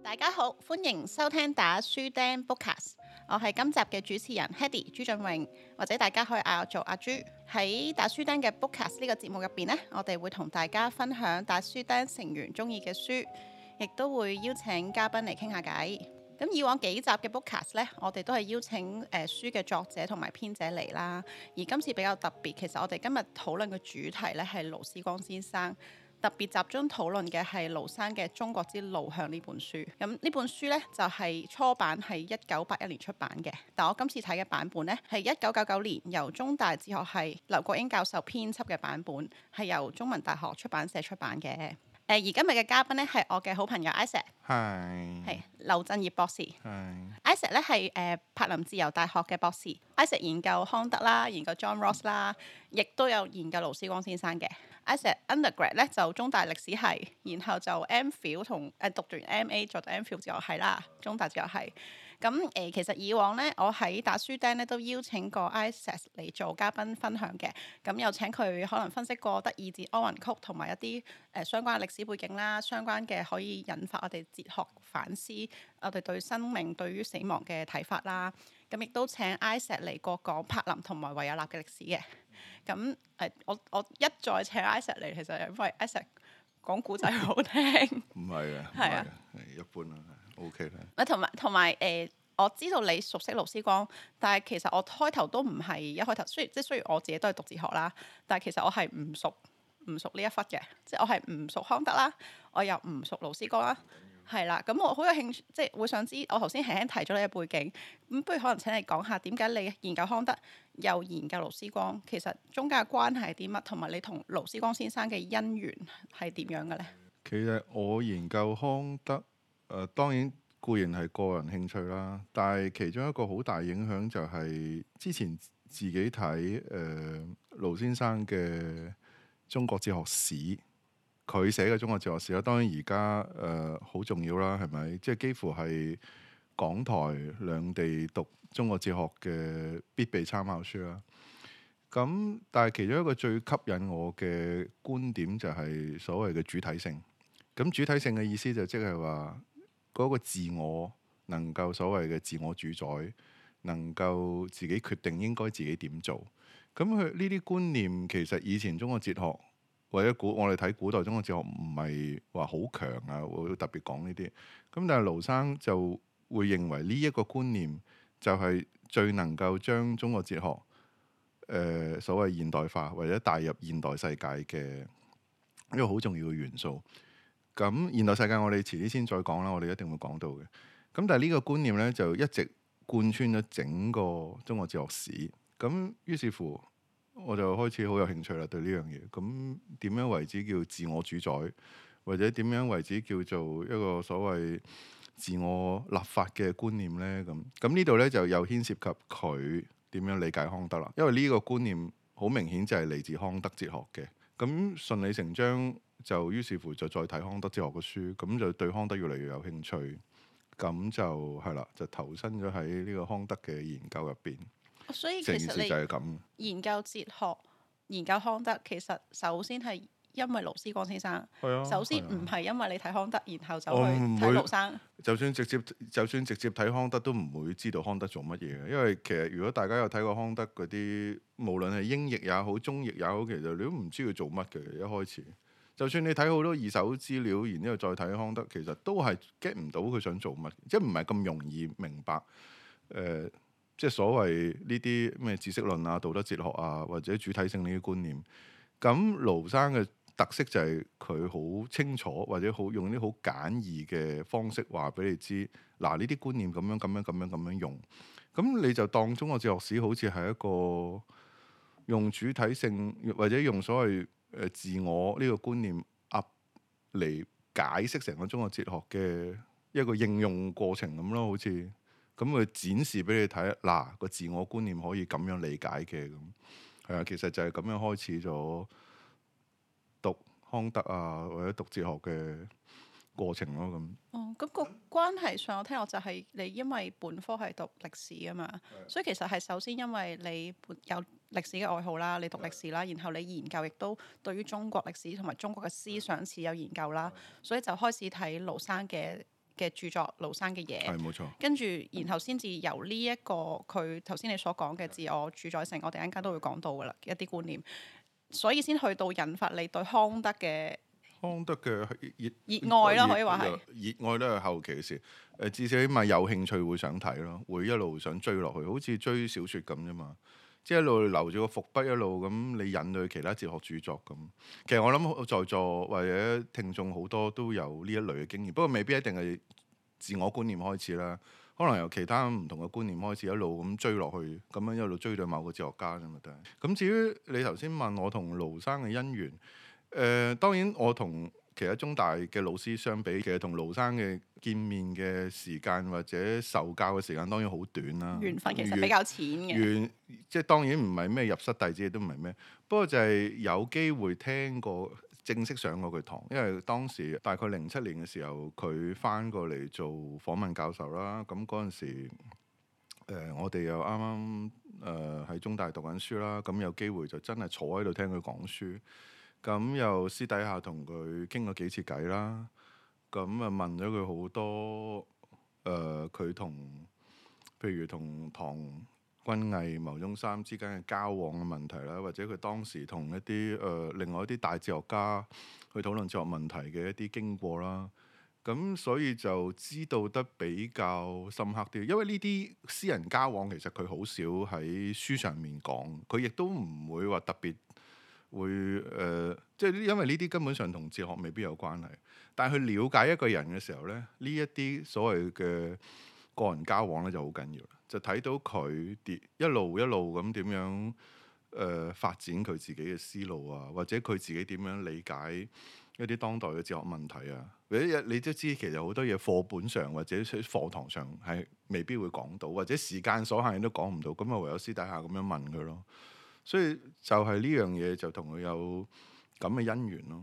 大家好，歡迎收聽打書釘 bookcast，我係今集嘅主持人 Hedy 朱雋穎，或者大家可以嗌我做阿朱。喺打書釘嘅 bookcast 呢個節目入邊，呢我哋會同大家分享打書釘成員中意嘅書，亦都會邀請嘉賓嚟傾下偈。咁以往幾集嘅 bookcast 呢，我哋都係邀請誒書嘅作者同埋編者嚟啦，而今次比較特別，其實我哋今日討論嘅主題呢，係勞思光先生。特別集中討論嘅係勞生嘅《中國之路向》向呢本書，咁呢本書呢，就係、是、初版係一九八一年出版嘅，但我今次睇嘅版本呢，係一九九九年由中大哲學系劉國英教授編輯嘅版本，係由中文大學出版社出版嘅。誒而今日嘅嘉賓咧係我嘅好朋友 Isaac，係 Hi. 婁振業博士，係 Hi. Isaac 咧係誒柏林自由大學嘅博士，Isaac 研究康德啦，研究 John Ross 啦，亦都有研究勞思光先生嘅。Isaac undergrad 咧就中大歷史系，然後就 M Phil 同誒讀完 MA，做 M A 做咗 M Phil 自由系啦，中大自由系。咁誒其實以往咧，我喺打書釘咧都邀請過 Isaac 嚟做嘉賓分享嘅，咁又請佢可能分析過德《德意志安魂曲》同埋一啲誒相關歷史背景啦，相關嘅可以引發我哋哲學反思，我哋對生命對於死亡嘅睇法啦。咁亦都請 Isaac 嚟過講柏林同埋維也納嘅歷史嘅。咁誒我我一再請 Isaac 嚟，其實因為 Isaac 講古仔好聽。唔係 啊，係啊，是啊，啊，一般啦、啊。O K 同埋同埋誒，我知道你熟悉勞思光，但係其實我開頭都唔係一開頭，雖即雖然我自己都係讀哲學啦，但係其實我係唔熟唔熟呢一忽嘅，即係我係唔熟康德啦，我又唔熟勞思光啦，係啦，咁我好有興趣，即係會想知我頭先輕輕提咗你嘅背景，咁不如可能請你講下點解你研究康德又研究勞思光，其實中間嘅關係係啲乜，同埋你同勞思光先生嘅姻緣係點樣嘅咧？其實我研究康德。誒、呃、當然固然係個人興趣啦，但係其中一個好大影響就係之前自己睇誒、呃、勞先生嘅《中國哲學史》，佢寫嘅《中國哲學史》啦。當然而家誒好重要啦，係咪？即、就、係、是、幾乎係港台兩地讀中國哲學嘅必備參考書啦。咁但係其中一個最吸引我嘅觀點就係所謂嘅主體性。咁主體性嘅意思就即係話。嗰個自我能夠所謂嘅自我主宰，能夠自己決定應該自己點做，咁佢呢啲觀念其實以前中國哲學或者古，我哋睇古代中國哲學唔係話好強啊，會特別講呢啲。咁但係勞生就會認為呢一個觀念就係最能夠將中國哲學、呃、所謂現代化或者帶入現代世界嘅一個好重要嘅元素。咁現代世界我哋遲啲先再講啦，我哋一定會講到嘅。咁但係呢個觀念呢，就一直貫穿咗整個中國哲學史。咁於是乎我就開始好有興趣啦，對呢樣嘢。咁點樣為之叫自我主宰，或者點樣為之叫做一個所謂自我立法嘅觀念呢？咁咁呢度呢，就又牽涉及佢點樣理解康德啦。因為呢個觀念好明顯就係嚟自康德哲學嘅。咁順理成章。就於是乎就再睇康德哲學嘅書，咁就對康德越嚟越有興趣，咁就係啦，就投身咗喺呢個康德嘅研究入邊。所以其實就你研究哲學、研究康德，其實首先係因為勞思光先生。啊、首先唔係因為你睇康德，啊、然後就去睇勞生、嗯。就算直接就算直接睇康德都唔會知道康德做乜嘢嘅，因為其實如果大家有睇過康德嗰啲，無論係英譯也好、中譯也好，其實你都唔知佢做乜嘅。一開始。就算你睇好多二手資料，然之後再睇康德，其實都係 get 唔到佢想做乜，即係唔係咁容易明白。誒、呃，即係所謂呢啲咩知識論啊、道德哲學啊，或者主體性呢啲觀念。咁勞生嘅特色就係佢好清楚，或者好用啲好簡易嘅方式話俾你知。嗱、呃，呢啲觀念咁樣、咁樣、咁樣、咁樣用，咁你就當中國哲學史好似係一個用主體性，或者用所謂。自我呢個觀念，呃嚟解釋成個中國哲學嘅一個應用過程咁咯，好似咁佢展示俾你睇，嗱，啊，個自我觀念可以咁樣理解嘅，咁，係啊，其實就係咁樣開始咗讀康德啊，或者讀哲學嘅。過程咯咁。哦，咁、嗰個關係上，我聽落就係你，因為本科係讀歷史啊嘛，的所以其實係首先因為你有歷史嘅愛好啦，你讀歷史啦，的然後你研究亦都對於中國歷史同埋中國嘅思想史有研究啦，的所以就開始睇勞生嘅嘅著作，勞生嘅嘢係冇錯。跟住，然後先至由呢一個佢頭先你所講嘅自我主宰性，我哋一陣都會講到噶啦，一啲觀念，所以先去到引發你對康德嘅。康德嘅熱熱愛啦，可以話係熱，熱愛都係後期嘅事。誒、呃，至少起碼有興趣會想睇咯，會一路想追落去，好似追小説咁啫嘛。即係一路留住個伏筆一，一路咁你引去其他哲學著作咁。其實我諗在座或者聽眾好多都有呢一類嘅經驗，不過未必一定係自我觀念開始啦。可能由其他唔同嘅觀念開始，一路咁追落去，咁樣一路追到某個哲學家咁啊都係。咁至於你頭先問我同勞生嘅姻緣？誒、呃、當然，我同其他中大嘅老師相比，其實同勞生嘅見面嘅時間或者受教嘅時間當然好短啦、啊，緣分其實比較淺嘅。即係當然唔係咩入室弟子，亦都唔係咩，不過就係有機會聽過，正式上過佢堂，因為當時大概零七年嘅時候佢翻過嚟做訪問教授啦。咁嗰陣時，呃、我哋又啱啱誒喺中大讀緊書啦，咁、嗯、有機會就真係坐喺度聽佢講書。咁又私底下同佢傾過幾次偈啦，咁啊問咗佢好多誒，佢、呃、同譬如同唐君毅、牟宗三之間嘅交往嘅問題啦，或者佢當時同一啲誒、呃、另外一啲大哲學家去討論哲學問題嘅一啲經過啦，咁所以就知道得比較深刻啲，因為呢啲私人交往其實佢好少喺書上面講，佢亦都唔會話特別。會誒、呃，即係因為呢啲根本上同哲學未必有關係，但係去了解一個人嘅時候咧，呢一啲所謂嘅個人交往咧就好緊要，就睇到佢一路一路咁點樣誒、呃、發展佢自己嘅思路啊，或者佢自己點樣理解一啲當代嘅哲學問題啊。或者你你都知其實好多嘢課本上或者喺課堂上係未必會講到，或者時間所限都講唔到，咁啊唯有私底下咁樣問佢咯。所以就係呢樣嘢就同佢有咁嘅姻緣咯，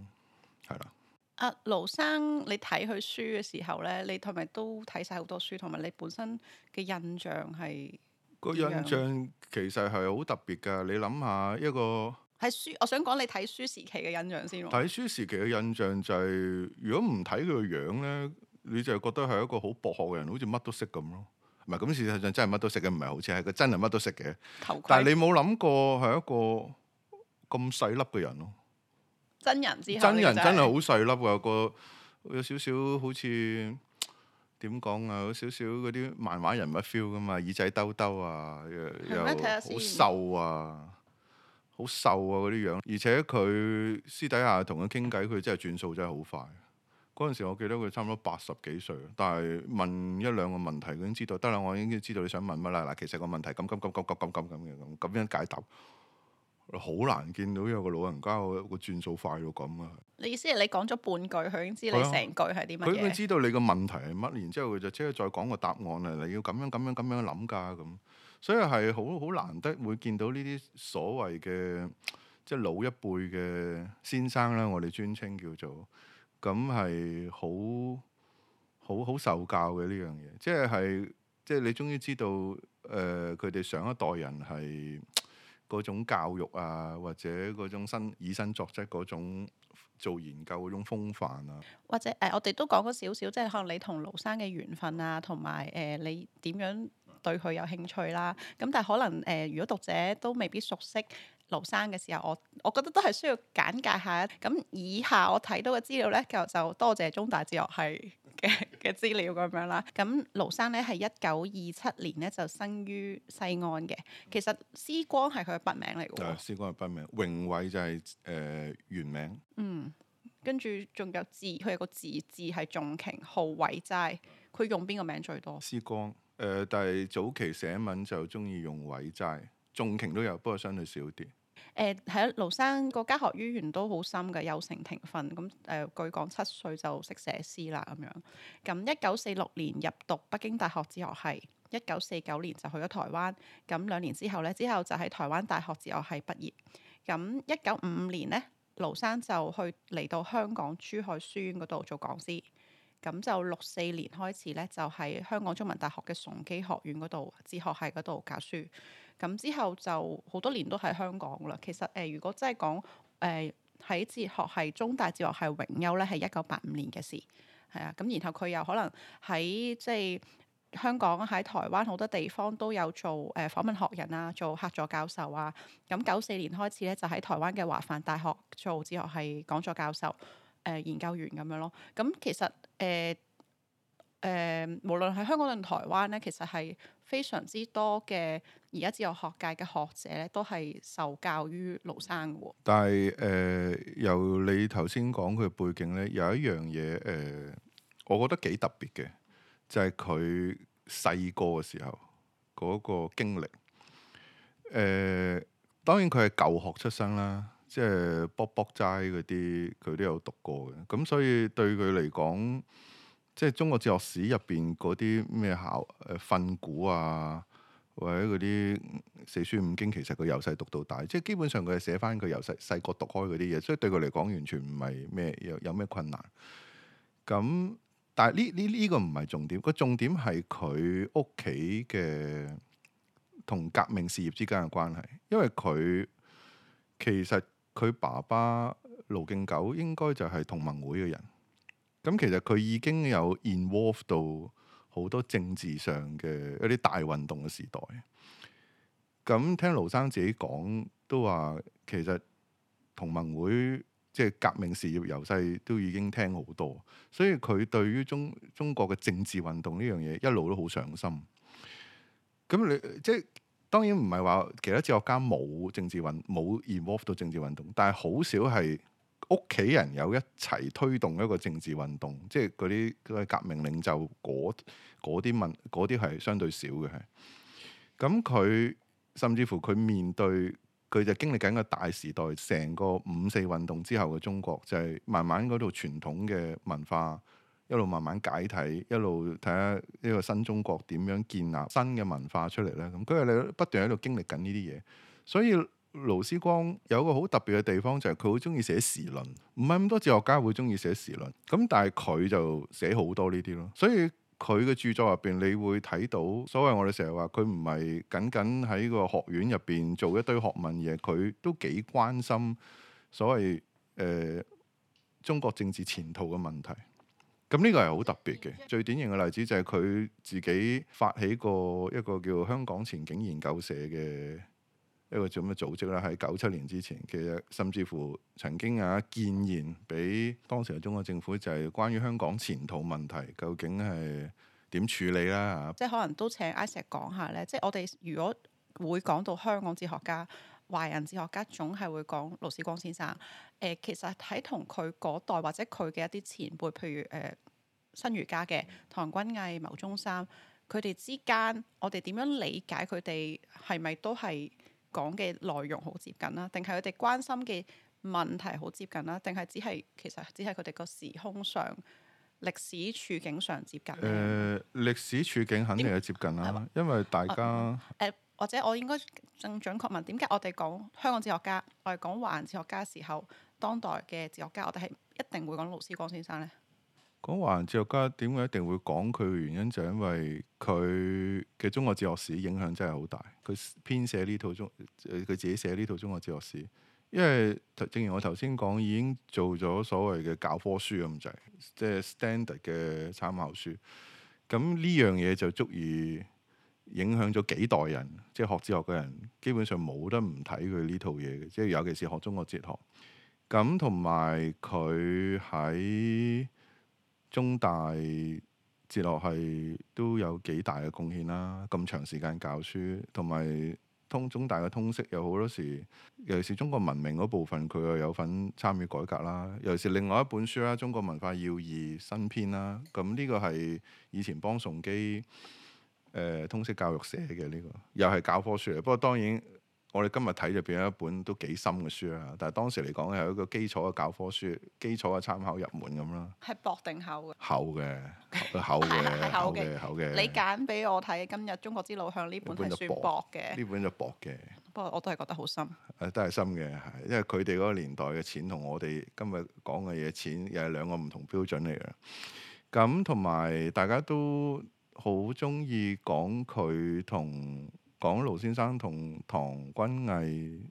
係啦。阿、啊、婁生，你睇佢書嘅時候咧，你係咪都睇晒好多書？同埋你本身嘅印象係？個印象其實係好特別㗎。你諗下一個係書，我想講你睇書時期嘅印象先。睇書時期嘅印象就係、是，如果唔睇佢嘅樣咧，你就覺得係一個好博學嘅人，好似乜都識咁咯。唔係咁，事實上真係乜都食嘅，唔係好似係個真人乜都食嘅。盔但係你冇諗過係一個咁細粒嘅人咯，啊？真人之後真人真係好細粒嘅，有個有少少好似點講啊？有少少嗰啲漫畫人物 feel 噶嘛？耳仔兜兜啊，又好瘦啊，好瘦啊嗰啲樣。而且佢私底下同佢傾偈，佢真係轉數真係好快。嗰陣時，我記得佢差唔多八十幾歲，但係問一兩個問題，佢已經知道得啦。我已經知道你想問乜啦。嗱，其實個問題咁咁咁咁咁咁咁嘅咁咁樣解答，好難見到有個老人家個個轉數快到咁啊！你意思係你講咗半句，佢已經知你成句係啲乜？佢、啊、已經知道你個問題係乜，然之後佢就即係再講個答案啦。你要咁樣咁樣咁樣諗㗎咁，所以係好好難得會見到呢啲所謂嘅即係老一輩嘅先生啦。我哋尊稱叫做。咁係好，好好受教嘅呢樣嘢，即係即係你終於知道，誒佢哋上一代人係嗰種教育啊，或者嗰種身以身作則嗰種做研究嗰種風範啊，或者誒、呃、我哋都講咗少少，即係可能你同勞生嘅緣分啊，同埋誒你點樣對佢有興趣啦、啊，咁但係可能誒、呃、如果讀者都未必熟悉勞生嘅時候，我我覺得都係需要簡介下。咁、嗯、以下我睇到嘅資料咧，就就多謝中大哲學系嘅嘅資料咁樣啦。咁勞生呢，係一九二七年呢就生於西安嘅。其實思光係佢嘅筆名嚟嘅、啊。思光係筆名，榮偉就係、是、誒、呃、原名。嗯，跟住仲有字，佢有個字字係仲瓊，號偉齋。佢用邊個名最多？思光。誒、呃，但係早期寫文就中意用偉齋。仲瓊都有，不過相對少啲。誒、呃，係啊！勞生個家學淵源都好深嘅，幼承庭訓。咁誒、呃，據講七歲就識寫詩啦咁樣。咁一九四六年入讀北京大學哲學系，一九四九年就去咗台灣。咁兩年之後咧，之後就喺台灣大學哲學系畢業。咁一九五五年咧，勞生就去嚟到香港珠海書院嗰度做講師。咁就六四年開始咧，就喺香港中文大學嘅崇基學院嗰度哲學系嗰度教書。咁之後就好多年都喺香港啦。其實誒、呃，如果真係講誒喺哲學系中大哲學系榮休咧，係一九八五年嘅事，係啊。咁然後佢又可能喺即係香港喺台灣好多地方都有做誒、呃、訪問學人啊，做客座教授啊。咁九四年開始咧就喺台灣嘅華梵大學做哲學系講座教授誒、呃、研究員咁樣咯。咁其實誒誒、呃呃、無論喺香港定台灣咧，其實係。非常之多嘅而家自由學界嘅學者咧，都係受教於勞生嘅。但係誒、呃，由你頭先講佢背景咧，有一樣嘢誒、呃，我覺得幾特別嘅，就係佢細個嘅時候嗰、那個經歷。誒、呃，當然佢係舊學出身啦，即係卜卜齋嗰啲，佢都有讀過嘅。咁所以對佢嚟講。即係中國哲學史入邊嗰啲咩考誒訓詁啊，或者嗰啲四書五經，其實佢由細讀到大，即係基本上佢係寫返佢由細細個讀開嗰啲嘢，所以對佢嚟講完全唔係咩有有咩困難。咁、嗯、但係呢呢呢個唔係重點，個重點係佢屋企嘅同革命事業之間嘅關係，因為佢其實佢爸爸勞敬九應該就係同盟會嘅人。咁其實佢已經有 involve 到好多政治上嘅一啲大運動嘅時代。咁聽勞生自己講都話，其實同盟會即係、就是、革命事業由細都已經聽好多，所以佢對於中中國嘅政治運動呢樣嘢一路都好上心。咁你即係當然唔係話其他哲學家冇政治運冇 involve 到政治運動，但係好少係。屋企人有一齊推動一個政治運動，即係嗰啲嗰個革命領袖嗰啲問嗰啲係相對少嘅，係咁佢甚至乎佢面對佢就經歷緊一個大時代，成個五四運動之後嘅中國就係慢慢嗰度傳統嘅文化一路慢慢解體，一路睇下呢個新中國點樣建立新嘅文化出嚟咧。咁佢係不斷喺度經歷緊呢啲嘢，所以。勞思光有個好特別嘅地方就係佢好中意寫時論，唔係咁多哲學家會中意寫時論，咁但係佢就寫好多呢啲咯。所以佢嘅著作入邊，你會睇到所謂我哋成日話佢唔係僅僅喺個學院入邊做一堆學問嘢，佢都幾關心所謂誒、呃、中國政治前途嘅問題。咁呢個係好特別嘅，最典型嘅例子就係佢自己發起過一個叫香港前景研究社嘅。一個咁嘅組織啦，喺九七年之前，其實甚至乎曾經啊建言俾當時嘅中國政府，就係、是、關於香港前途問題究竟係點處理啦嚇。即係可能都請 Isaac 講下咧，即係我哋如果會講到香港哲學家、華人哲學家，總係會講勞思光先生。誒、呃，其實喺同佢嗰代或者佢嘅一啲前輩，譬如誒、呃、新儒家嘅唐君毅、牟宗三，佢哋之間，我哋點樣理解佢哋係咪都係？講嘅內容好接近啦，定係佢哋關心嘅問題好接近啦，定係只係其實只係佢哋個時空上歷史處境上接近咧？誒、呃，歷史處境肯定係接近啦，麼因為大家誒、啊啊、或者我應該更準確問點解我哋講香港哲學家，我哋講華人哲學家嘅時候，當代嘅哲學家，我哋係一定會講勞思光先生呢？講華人哲學家點解一定會講佢嘅原因，就係因為佢嘅中國哲學史影響真係好大。佢編寫呢套中，佢自己寫呢套中國哲學史，因為正如我頭先講，已經做咗所謂嘅教科書咁滯，即係、就係就係、standard 嘅參考書。咁呢樣嘢就足以影響咗幾代人，即、就、係、是、學哲學嘅人基本上冇得唔睇佢呢套嘢嘅，即係尤其是學中國哲學。咁同埋佢喺。中大哲學系都有幾大嘅貢獻啦，咁長時間教書同埋通中大嘅通識有好多時，尤其是中國文明嗰部分，佢又有份參與改革啦。尤其是另外一本書啦，《中國文化要義新編》啦，咁呢個係以前幫崇基誒、呃、通識教育寫嘅呢個又係教科書嚟。不過當然。我哋今日睇就變咗一本都幾深嘅書啦，但係當時嚟講係一個基礎嘅教科書，基礎嘅參考入門咁啦。係薄定厚嘅？厚嘅，厚嘅，厚嘅，厚嘅。你揀俾我睇今日《中國之路向》向呢本係算薄嘅。呢本就薄嘅。薄嘅，薄不過我都係覺得好深。誒、啊，都係深嘅，因為佢哋嗰個年代嘅錢同我哋今日講嘅嘢錢又係兩個唔同標準嚟嘅。咁同埋大家都好中意講佢同。講勞先生同唐君毅、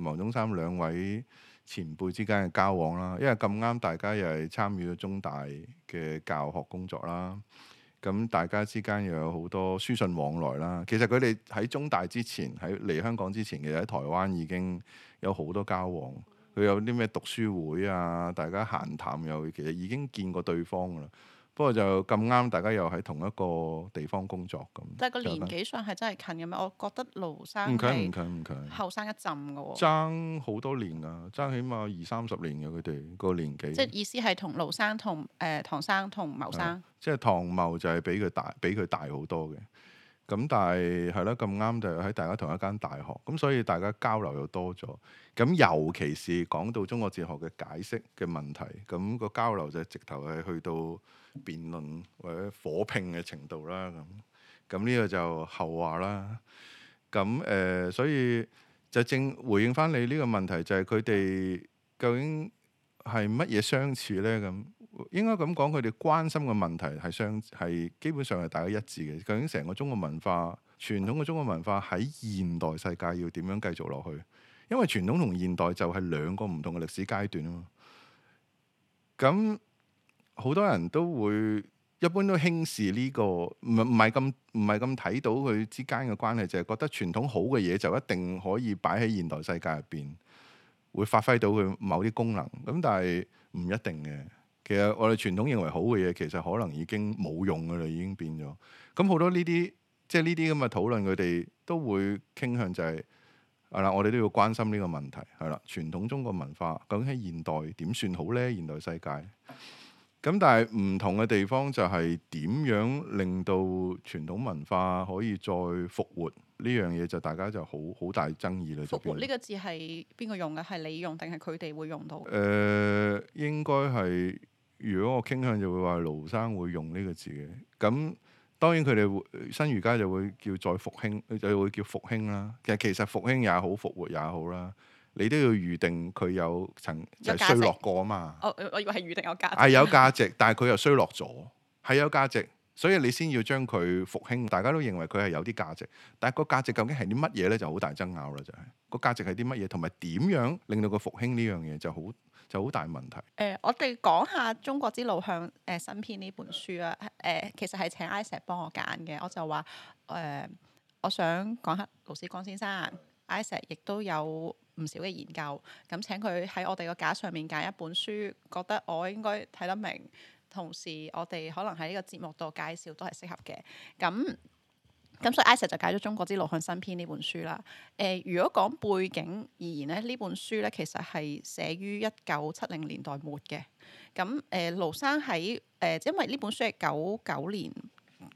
牟宗三兩位前輩之間嘅交往啦，因為咁啱大家又係參與咗中大嘅教學工作啦，咁大家之間又有好多書信往來啦。其實佢哋喺中大之前，喺嚟香港之前，其實喺台灣已經有好多交往。佢有啲咩讀書會啊，大家閒談又其實已經見過對方㗎啦。不過就咁啱，大家又喺同一個地方工作咁。但係個年紀上係真係近嘅咩？我覺得勞生係後生一陣嘅喎。爭好多年啦，啊，爭起碼二三十年嘅佢哋個年紀。即係意思係同勞生、同誒、呃、唐生、同牟生。即係、就是、唐牟就係比佢大，比佢大好多嘅。咁但係係咯，咁啱就喺大家同一間大學，咁所以大家交流又多咗。咁尤其是講到中國哲學嘅解釋嘅問題，咁、那個交流就直頭係去到。辯論或者火拼嘅程度啦，咁咁呢個就後話啦。咁誒、呃，所以就正回應翻你呢個問題，就係佢哋究竟係乜嘢相似呢？咁應該咁講，佢哋關心嘅問題係相，係基本上係大家一致嘅。究竟成個中國文化傳統嘅中國文化喺現代世界要點樣繼續落去？因為傳統同現代就係兩個唔同嘅歷史階段啊嘛。咁好多人都會一般都輕視呢個，唔唔係咁睇到佢之間嘅關係，就係覺得傳統好嘅嘢就一定可以擺喺現代世界入邊，會發揮到佢某啲功能。咁但係唔一定嘅。其實我哋傳統認為好嘅嘢，其實可能已經冇用㗎啦，已經變咗。咁好多呢啲即係呢啲咁嘅討論，佢哋都會傾向就係係啦。我哋都要關心呢個問題係啦。傳統中國文化究竟喺現代點算好呢？現代世界。咁、嗯、但係唔同嘅地方就係點樣令到傳統文化可以再復活，呢樣嘢就大家就好好大爭議啦。復活呢個字係邊個用嘅？係你用定係佢哋會用到？誒、呃，應該係如果我傾向就會話勞生會用呢個字嘅。咁、嗯、當然佢哋新儒家就會叫再復興，就會叫復興啦。其實其實復興也好，復活也好啦。你都要預定佢有曾就有衰落過啊嘛、哦！我以為係預定有價值。係有價值，但係佢又衰落咗，係有價值，所以你先要將佢復興。大家都認為佢係有啲價值，但係個價值究竟係啲乜嘢咧，就好大爭拗啦！就係、是、個價值係啲乜嘢，同埋點樣令到佢復興呢樣嘢，就好就好大問題。誒、呃，我哋講下《中國之路向》向、呃、誒新編呢本書啊！誒、呃，其實係請 Isaac 幫我揀嘅，我就話誒、呃，我想講下勞思光先生。Isaac 亦都有唔少嘅研究，咁請佢喺我哋個架上面揀一本書，覺得我應該睇得明，同時我哋可能喺呢個節目度介紹都係適合嘅。咁咁所以 Isaac 就解咗《中國之魯漢新篇呢本書啦。誒、呃，如果講背景而言咧，呢本書咧其實係寫於一九七零年代末嘅。咁誒，魯、呃、生喺誒、呃，因為呢本書係九九年。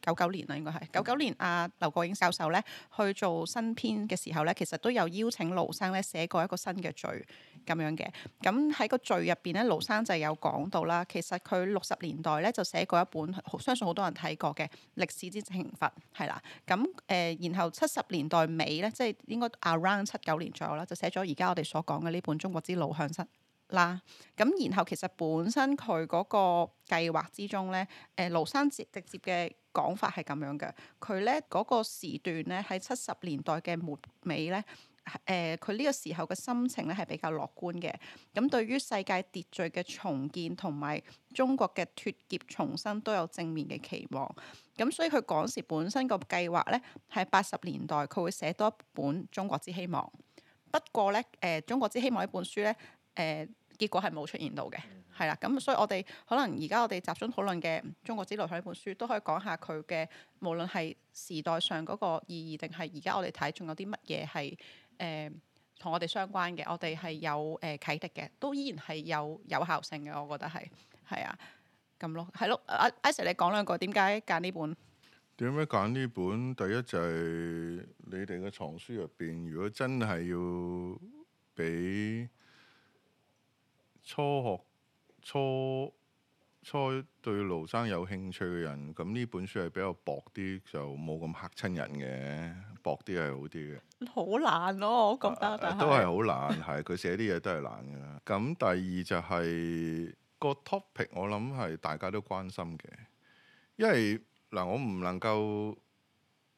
九九年啦，應該係九九年。阿劉國英教授咧去做新編嘅時候咧，其實都有邀請勞生咧寫過一個新嘅序咁樣嘅。咁喺個序入邊咧，勞生就有講到啦。其實佢六十年代咧就寫過一本，相信好多人睇過嘅《歷史之懲罰》係啦。咁誒、呃，然後七十年代尾咧，即係應該 around 七九年左右啦，就寫咗而家我哋所講嘅呢本《中國之路向新》啦，咁、嗯、然後其實本身佢嗰個計劃之中咧，誒、呃、勞生直直接嘅講法係咁樣嘅。佢咧嗰個時段咧喺七十年代嘅末尾咧，誒佢呢個時候嘅心情咧係比較樂觀嘅。咁、嗯、對於世界秩序嘅重建同埋中國嘅脫劫重生都有正面嘅期望。咁、嗯、所以佢講時本身個計劃咧喺八十年代，佢會寫多一本《中國之希望》。不過咧，誒、呃《中國之希望》呢本書咧。誒、呃、結果係冇出現到嘅，係啦、嗯，咁、嗯、所以我哋可能而家我哋集中討論嘅《中國之路向》呢本書，都可以講下佢嘅無論係時代上嗰個意義，定係而家我哋睇仲有啲乜嘢係誒同我哋相關嘅。我哋係有誒、呃、啟迪嘅，都依然係有有效性嘅。我覺得係係啊，咁咯，係咯，阿 Isaac，你講兩個點解揀呢本？點解揀呢本？第一就係、是、你哋嘅藏書入邊，如果真係要俾。初學初初學對勞生有興趣嘅人，咁呢本書係比較薄啲，就冇咁嚇親人嘅，薄啲係好啲嘅。好難咯、哦，我覺得，啊、是都係好難，係佢 寫啲嘢都係難嘅啦。咁第二就係、是那個 topic，我諗係大家都關心嘅，因為嗱、呃，我唔能夠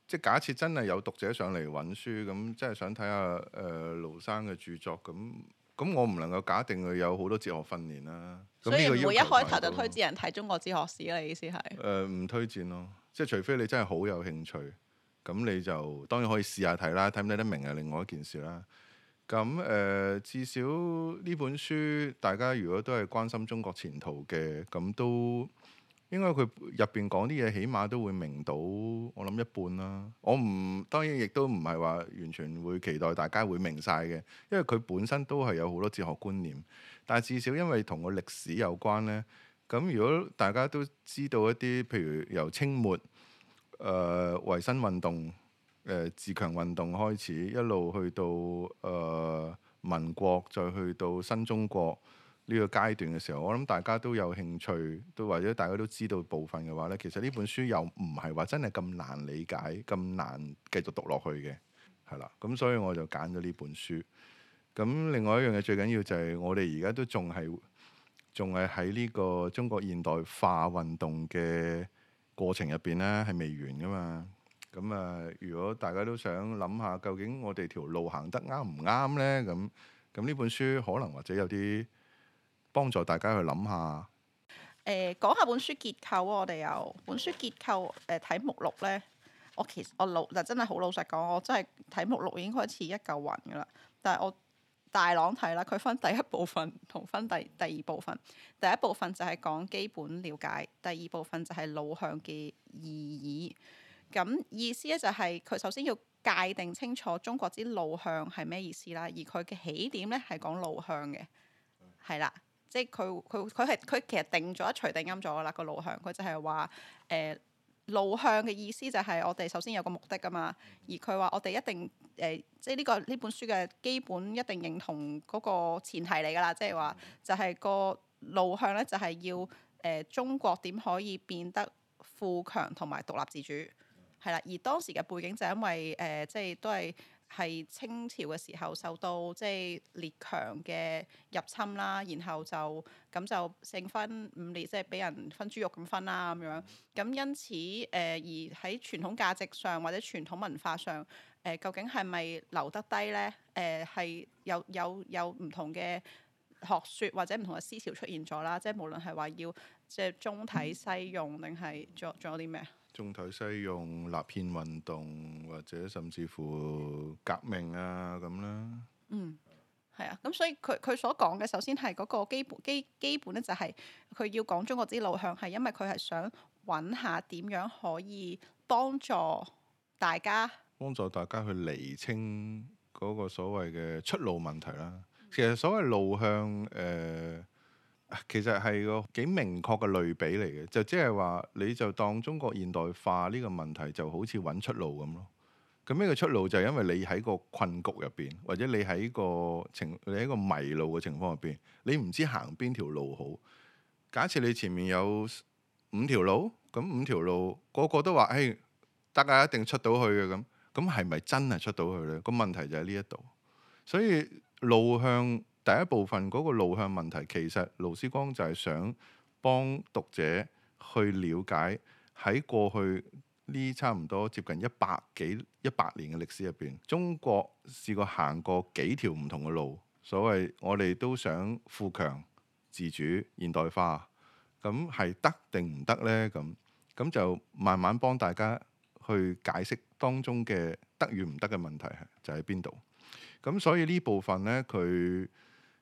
即係假設真係有讀者上嚟揾書，咁即係想睇下誒、呃、勞生嘅著作咁。咁我唔能夠假定佢有好多哲學訓練啦、啊。所以唔會一開頭就推薦人睇中國哲學史啦、啊，意思係。誒、呃，唔推薦咯，即係除非你真係好有興趣，咁你就當然可以試下睇啦，睇唔睇得明係、啊、另外一件事啦。咁誒、呃，至少呢本書大家如果都係關心中國前途嘅，咁都。應該佢入邊講啲嘢，起碼都會明到，我諗一半啦。我唔當然亦都唔係話完全會期待大家會明晒嘅，因為佢本身都係有好多哲學觀念。但係至少因為同個歷史有關呢。咁如果大家都知道一啲，譬如由清末誒、呃、維新運動、誒、呃、自強運動開始，一路去到誒、呃、民國，再去到新中國。呢個階段嘅時候，我諗大家都有興趣，都或者大家都知道部分嘅話呢，其實呢本書又唔係話真係咁難理解、咁難繼續讀落去嘅係啦。咁所以我就揀咗呢本書。咁另外一樣嘢最緊要就係我哋而家都仲係仲係喺呢個中國現代化運動嘅過程入邊呢，係未完噶嘛。咁啊，如果大家都想諗下究竟我哋條路行得啱唔啱呢？咁咁呢本書可能或者有啲幫助大家去諗下，誒、呃、講下本書結構、啊。我哋有本書結構誒睇、呃、目錄咧，我其實我老嗱真係好老實講，我真係睇目錄已經開始一嚿雲噶啦。但係我大朗睇啦，佢分第一部分同分第第二部分。第一部分就係講基本了解，第二部分就係路向嘅意義。咁意思咧就係、是、佢首先要界定清楚中國之路向係咩意思啦，而佢嘅起點咧係講路向嘅，係啦。即係佢佢佢係佢其實定咗一錘定音咗啦個路向，佢就係話誒路向嘅意思就係我哋首先有個目的噶嘛，而佢話我哋一定誒、呃，即係呢、這個呢本書嘅基本一定認同嗰個前提嚟噶啦，即係話、嗯、就係個路向咧就係要誒、呃、中國點可以變得富強同埋獨立自主係啦、嗯，而當時嘅背景就係因為誒、呃、即係都係。係清朝嘅時候受到即係列強嘅入侵啦，然後就咁就剩翻五列，即係俾人分豬肉咁分啦咁樣。咁因此誒、呃，而喺傳統價值上或者傳統文化上，誒、呃、究竟係咪留得低咧？誒、呃、係有有有唔同嘅學説或者唔同嘅思潮出現咗啦。即係無論係話要即係中體西用，定係仲仲有啲咩？中體西用、立憲運動，或者甚至乎革命啊，咁啦。嗯，係啊，咁所以佢佢所講嘅首先係嗰個基本基基本咧，就係佢要講中國之路向，係因為佢係想揾下點樣可以幫助大家，幫助大家去釐清嗰個所謂嘅出路問題啦。其實所謂路向誒，呃其實係個幾明確嘅類比嚟嘅，就即係話，你就當中國現代化呢個問題就好似揾出路咁咯。咁呢個出路就係因為你喺個困局入邊，或者你喺個情你喺個迷路嘅情況入邊，你唔知行邊條路好。假設你前面有五條路，咁五條路個個都話，誒，大家一定出到去嘅。咁，咁係咪真係出到去咧？個問題就喺呢一度，所以路向。第一部分嗰、那個路向問題，其實勞思光就係想幫讀者去了解喺過去呢差唔多接近一百幾一百年嘅歷史入邊，中國試過行過幾條唔同嘅路。所謂我哋都想富強自主、現代化，咁係得定唔得咧？咁咁就慢慢幫大家去解釋當中嘅得與唔得嘅問題，就喺邊度？咁所以呢部分咧，佢。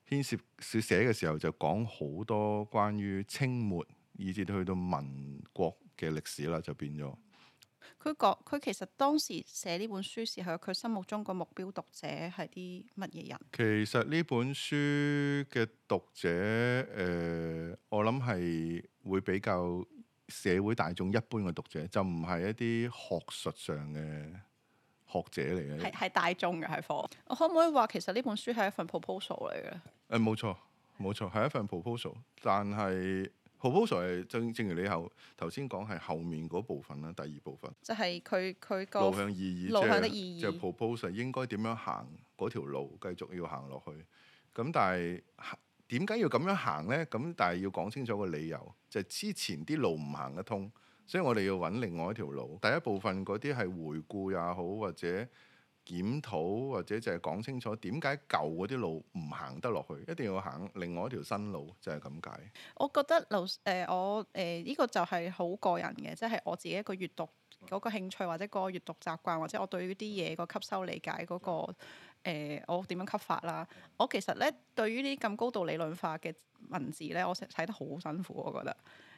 編寫嘅時候就講好多關於清末以至去到民國嘅歷史啦，就變咗。佢講佢其實當時寫呢本書時候，佢心目中個目標讀者係啲乜嘢人？其實呢本書嘅讀者誒、呃，我諗係會比較社會大眾一般嘅讀者，就唔係一啲學術上嘅。學者嚟嘅係係大眾嘅係課，我可唔可以話其實呢本書係一份 proposal 嚟嘅？誒冇錯冇錯，係一份 proposal，但係 proposal 係正正如你後頭先講係後面嗰部分啦，第二部分，即係佢佢個路向意義，是路向的意義，就係 proposal 應該點樣行嗰條路繼續要行落去。咁但係點解要咁樣行咧？咁但係要講清楚個理由，就係、是、之前啲路唔行得通。所以我哋要揾另外一條路。第一部分嗰啲係回顧也好，或者檢討，或者就係講清楚點解舊嗰啲路唔行得落去，一定要行另外一條新路，就係咁解。我覺得劉誒、呃、我誒呢、呃呢個就係好個人嘅，即、就、係、是、我自己一個閱讀嗰個興趣，或者個閱讀習慣，或者我對嗰啲嘢個吸收理解嗰、嗰個、呃、我點樣吸法啦？我其實咧對於呢啲咁高度理論化嘅文字咧，我睇得好辛苦，我覺得。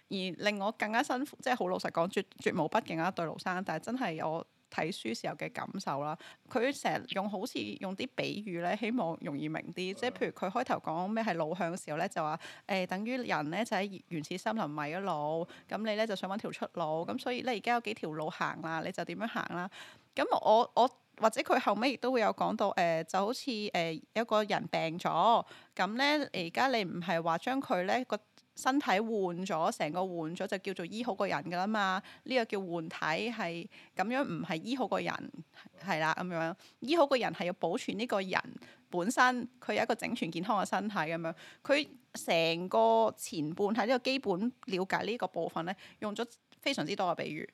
而令我更加辛苦，即係好老實講，絕絕無不敬，啊！對勞生，但係真係我睇書時候嘅感受啦、啊。佢成日用好似用啲比喻咧，希望容易明啲。即係譬如佢開頭講咩係路向時候咧，就話誒、呃，等於人咧就喺原始森林迷咗路，咁你咧就想揾條出路，咁所以咧而家有幾條路行啦，你就點樣行啦？咁我我或者佢後尾亦都會有講到誒、呃，就好似誒有個人病咗，咁咧而家你唔係話將佢咧個身體換咗，成個換咗就叫做醫好個人噶啦嘛。呢、這個叫換體係咁樣，唔係醫好個人係啦咁樣。醫好個人係要保存呢個人本身，佢有一個整全健康嘅身體咁樣。佢成個前半係呢個基本了解呢個部分咧，用咗非常之多嘅比喻。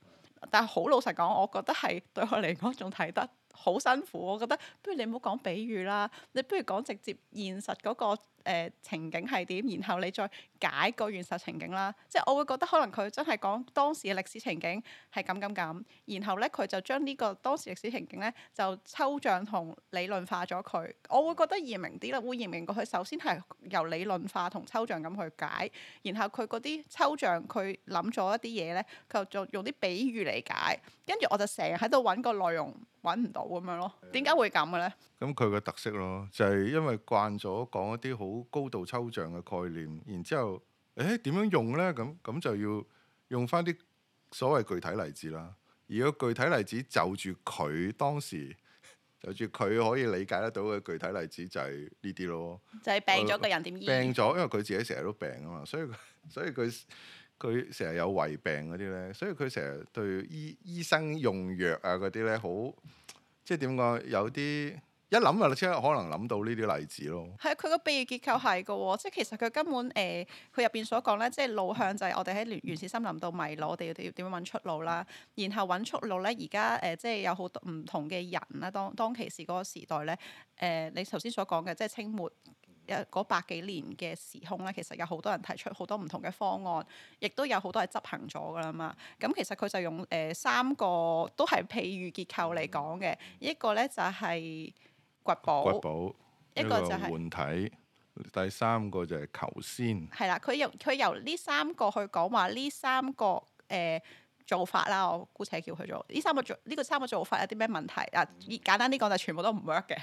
但係好老實講，我覺得係對我嚟講仲睇得好辛苦。我覺得不如你唔好講比喻啦，你不如講直接現實嗰、那個。誒、呃、情景係點，然後你再解，解個現實情景啦。即係我會覺得可能佢真係講當時嘅歷史情景係咁咁咁，然後咧佢就將呢個當時歷史情景咧就抽象同理論化咗佢。我會覺得易明啲啦，會易明過佢。首先係由理論化同抽象咁去解，然後佢嗰啲抽象佢諗咗一啲嘢咧，佢就用啲比喻嚟解。跟住我就成日喺度揾個內容揾唔到咁樣咯。點解的會咁嘅咧？咁佢嘅特色咯，就係、是、因為慣咗講一啲好。好高度抽象嘅概念，然之後，誒，點樣用呢？咁咁就要用翻啲所謂具體例子啦。而嗰具體例子就住佢當時，就住佢可以理解得到嘅具體例子就係呢啲咯。就係病咗個人點醫？他病咗，因為佢自己成日都病啊嘛，所以所以佢佢成日有胃病嗰啲呢。所以佢成日對醫醫生用藥啊嗰啲呢，好，即係點講？有啲。一諗咪即係可能諗到呢啲例子咯。係，佢個比喻結構係㗎喎，即係其實佢根本誒佢入邊所講咧，即係路向就係我哋喺原始森林度迷路，我哋要點點樣揾出路啦。然後揾出路咧，而家誒即係有好多唔同嘅人啦。當當其時嗰個時代咧，誒、呃、你頭先所講嘅即係清末嗰百幾年嘅時空咧，其實有好多人提出好多唔同嘅方案，亦都有好多係執行咗噶啦嘛。咁其實佢就用誒、呃、三個都係比喻結構嚟講嘅，一個咧就係、是。掘寶，掘寶一個就係、是、換體，第三個就係求仙。係啦，佢由佢由呢三個去講話呢三個誒、呃、做法啦，我姑且叫佢做呢三個做呢個三個做法有啲咩問題？嗱、啊，簡單啲講就是、全部都唔 work 嘅，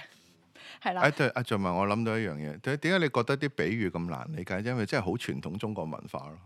係啦。阿俊、啊，阿俊文，我諗到一樣嘢，點解你覺得啲比喻咁難理解？因為真係好傳統中國文化咯。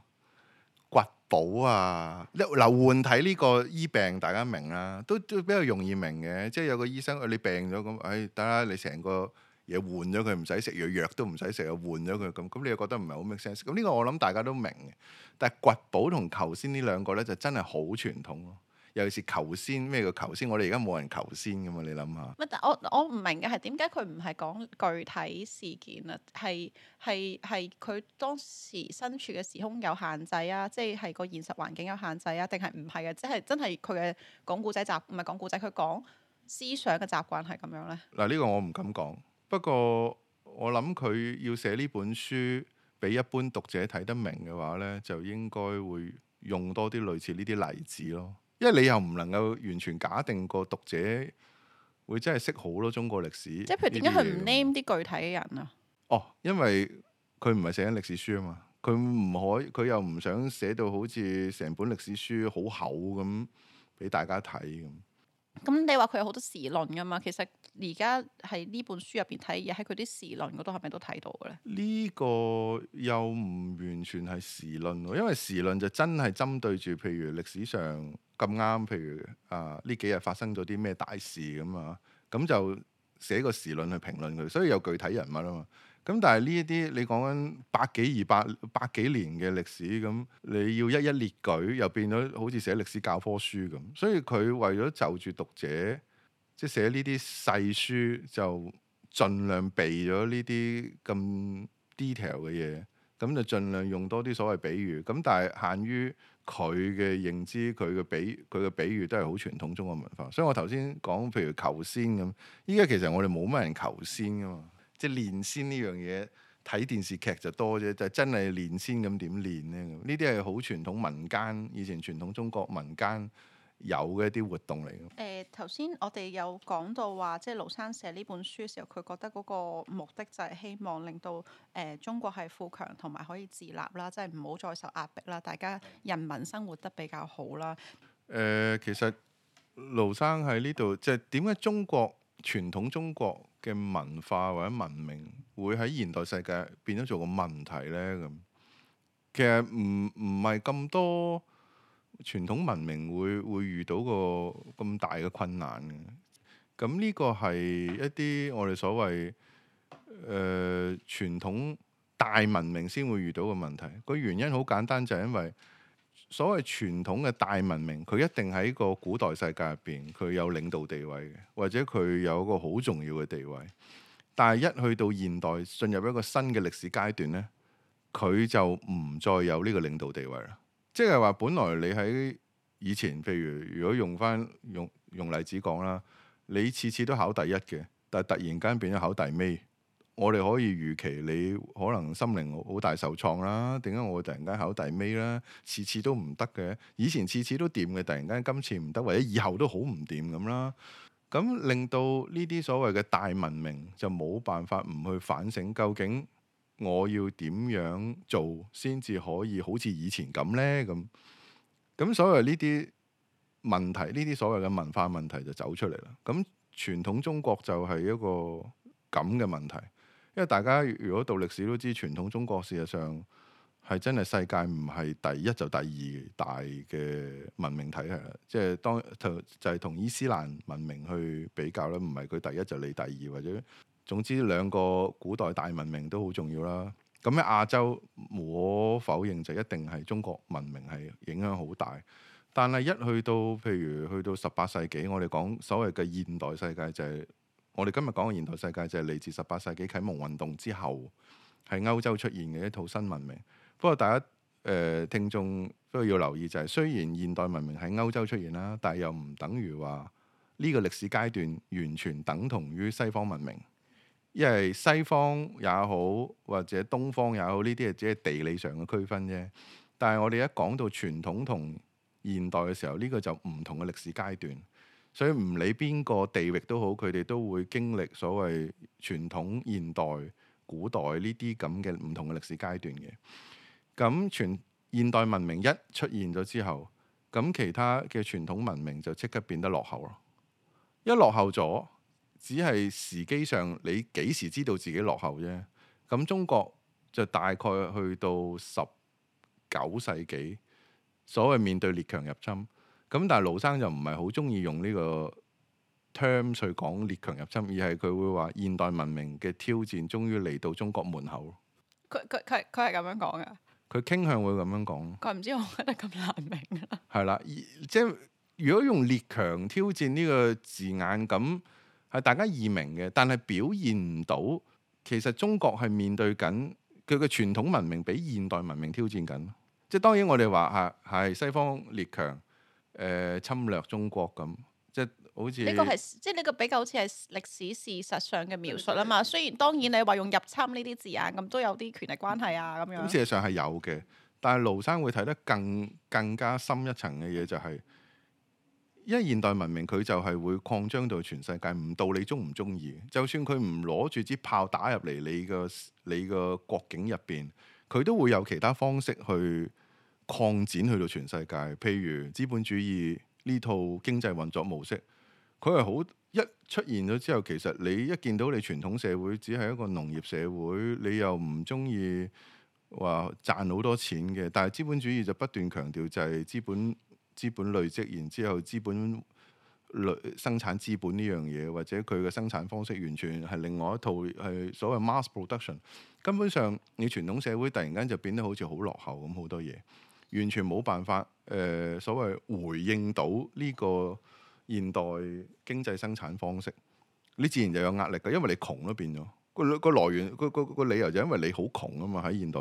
保啊，嗱，換體呢個醫病大家明啦，都都比較容易明嘅，即係有個醫生你病咗咁，哎，等下你成個嘢換咗佢，唔使食藥，藥都唔使食，換咗佢咁，咁你又覺得唔係好 make sense。咁、這、呢個我諗大家都明嘅，但係掘寶同頭先呢兩個咧就真係好傳統咯。尤其是求先咩叫求先？我哋而家冇人求先㗎嘛？你諗下。乜？但我我唔明嘅係點解佢唔係講具體事件啊？係係係佢當時身處嘅時空有限制啊，即係係個現實環境有限制啊，定係唔係嘅？即係真係佢嘅講古仔習唔係講古仔，佢講思想嘅習慣係咁樣咧。嗱，呢個我唔敢講。不過我諗佢要寫呢本書俾一般讀者睇得明嘅話咧，就應該會用多啲類似呢啲例子咯。即係你又唔能夠完全假定個讀者會真係識好多、啊、中國歷史，即係譬如點解佢唔 name 啲具體嘅人啊？哦，因為佢唔係寫緊歷史書啊嘛，佢唔可佢又唔想寫到好似成本歷史書好厚咁俾大家睇咁。咁、嗯、你話佢有好多時論噶嘛？其實而家喺呢本書入邊睇嘢，喺佢啲時論嗰度係咪都睇到嘅咧？呢個又唔完全係時論，因為時論就真係針對住譬如歷史上。咁啱，譬如啊呢幾日發生咗啲咩大事咁啊，咁就寫個時論去評論佢，所以有具體人物啊嘛。咁、啊、但係呢一啲你講緊百幾二百百幾年嘅歷史，咁、啊、你要一一列舉，又變咗好似寫歷史教科書咁。所以佢為咗就住讀者，即係寫呢啲細書，就盡量避咗呢啲咁 detail 嘅嘢，咁、啊、就盡量用多啲所謂比喻。咁、啊、但係限於，佢嘅認知，佢嘅比佢嘅比喻都係好傳統中國文化，所以我頭先講譬如求仙咁，依家其實我哋冇乜人求仙㗎嘛，即係練仙呢樣嘢，睇電視劇就多啫，就真係練仙咁點練呢？呢啲係好傳統民間，以前傳統中國民間。有嘅一啲活動嚟嘅。誒、呃，頭、就是、先我哋有講到話，即係勞生寫呢本書嘅時候，佢覺得嗰個目的就係希望令到誒、呃、中國係富強同埋可以自立啦，即係唔好再受壓迫啦，大家人民生活得比較好啦。誒、呃，其實勞生喺呢度，即係點解中國傳統中國嘅文化或者文明會喺現代世界變咗做個問題呢？咁其實唔唔係咁多。傳統文明會會遇到個咁大嘅困難嘅，咁呢個係一啲我哋所謂誒、呃、傳統大文明先會遇到嘅問題。個原因好簡單，就係、是、因為所謂傳統嘅大文明，佢一定喺個古代世界入邊，佢有領導地位嘅，或者佢有一個好重要嘅地位。但係一去到現代，進入一個新嘅歷史階段咧，佢就唔再有呢個領導地位啦。即係話，本來你喺以前，譬如如果用翻用用例子講啦，你次次都考第一嘅，但係突然間變咗考第尾，我哋可以預期你可能心靈好大受創啦。點解我會突然間考第尾啦？次次都唔得嘅，以前次次都掂嘅，突然間今次唔得，或者以後都好唔掂咁啦。咁令到呢啲所謂嘅大文明就冇辦法唔去反省究竟。我要點樣做先至可以好似以前咁呢？咁咁所謂呢啲問題，呢啲所謂嘅文化問題就走出嚟啦。咁傳統中國就係一個咁嘅問題，因為大家如果讀歷史都知，傳統中國事實上係真係世界唔係第一就第二大嘅文明體系啦。即係當就就係同伊斯蘭文明去比較啦，唔係佢第一就你第二或者。總之兩個古代大文明都好重要啦。咁喺亞洲，無可否認就一定係中國文明係影響好大。但係一去到譬如去到十八世紀，我哋講所謂嘅現代世界，就係，就係我哋今日講嘅現代世界，就係嚟自十八世紀啟蒙運動之後喺歐洲出現嘅一套新文明。不過，大家誒、呃、聽眾都要留意就係、係，雖然現代文明喺歐洲出現啦，但係又唔等於話呢個歷史階段完全等同於西方文明。因為西方也好，或者東方也好，呢啲係只係地理上嘅區分啫。但係我哋一講到傳統同現代嘅時候，呢個就唔同嘅歷史階段。所以唔理邊個地域都好，佢哋都會經歷所謂傳統、現代、古代呢啲咁嘅唔同嘅歷史階段嘅。咁全現代文明一出現咗之後，咁其他嘅傳統文明就即刻變得落後咯。一落後咗。只係時機上，你幾時知道自己落後啫？咁中國就大概去到十九世紀，所謂面對列強入侵咁，但係勞生就唔係好中意用呢個 term 去講列強入侵，而係佢會話現代文明嘅挑戰終於嚟到中國門口。佢佢佢佢係咁樣講㗎，佢傾向會咁樣講。佢唔知我覺得咁難明啊。係啦，即係如果用列強挑戰呢個字眼咁。係大家易明嘅，但係表現唔到，其實中國係面對緊佢嘅傳統文明比現代文明挑戰緊。即係當然我哋話係係西方列強、呃、侵略中國咁，即係好似呢個係即係呢、這個比較好似係歷史事實上嘅描述啊嘛。雖然當然你話用入侵呢啲字眼咁都有啲權力關係啊咁樣。咁事實上係有嘅，但係勞生會睇得更更加深一層嘅嘢就係、是。因為現代文明佢就係會擴張到全世界，唔到你中唔中意。就算佢唔攞住支炮打入嚟你嘅你嘅國境入邊，佢都會有其他方式去擴展去到全世界。譬如資本主義呢套經濟運作模式，佢係好一出現咗之後，其實你一見到你傳統社會只係一個農業社會，你又唔中意話賺好多錢嘅，但係資本主義就不斷強調就係資本。資本累積，然之後資本累生產資本呢樣嘢，或者佢嘅生產方式完全係另外一套，係所謂 mass production。根本上，你傳統社會突然間就變得好似好落後咁，好多嘢完全冇辦法誒、呃、所謂回應到呢個現代經濟生產方式。你自然就有壓力㗎，因為你窮都變咗個個來源，個個個理由就因為你好窮啊嘛，喺現代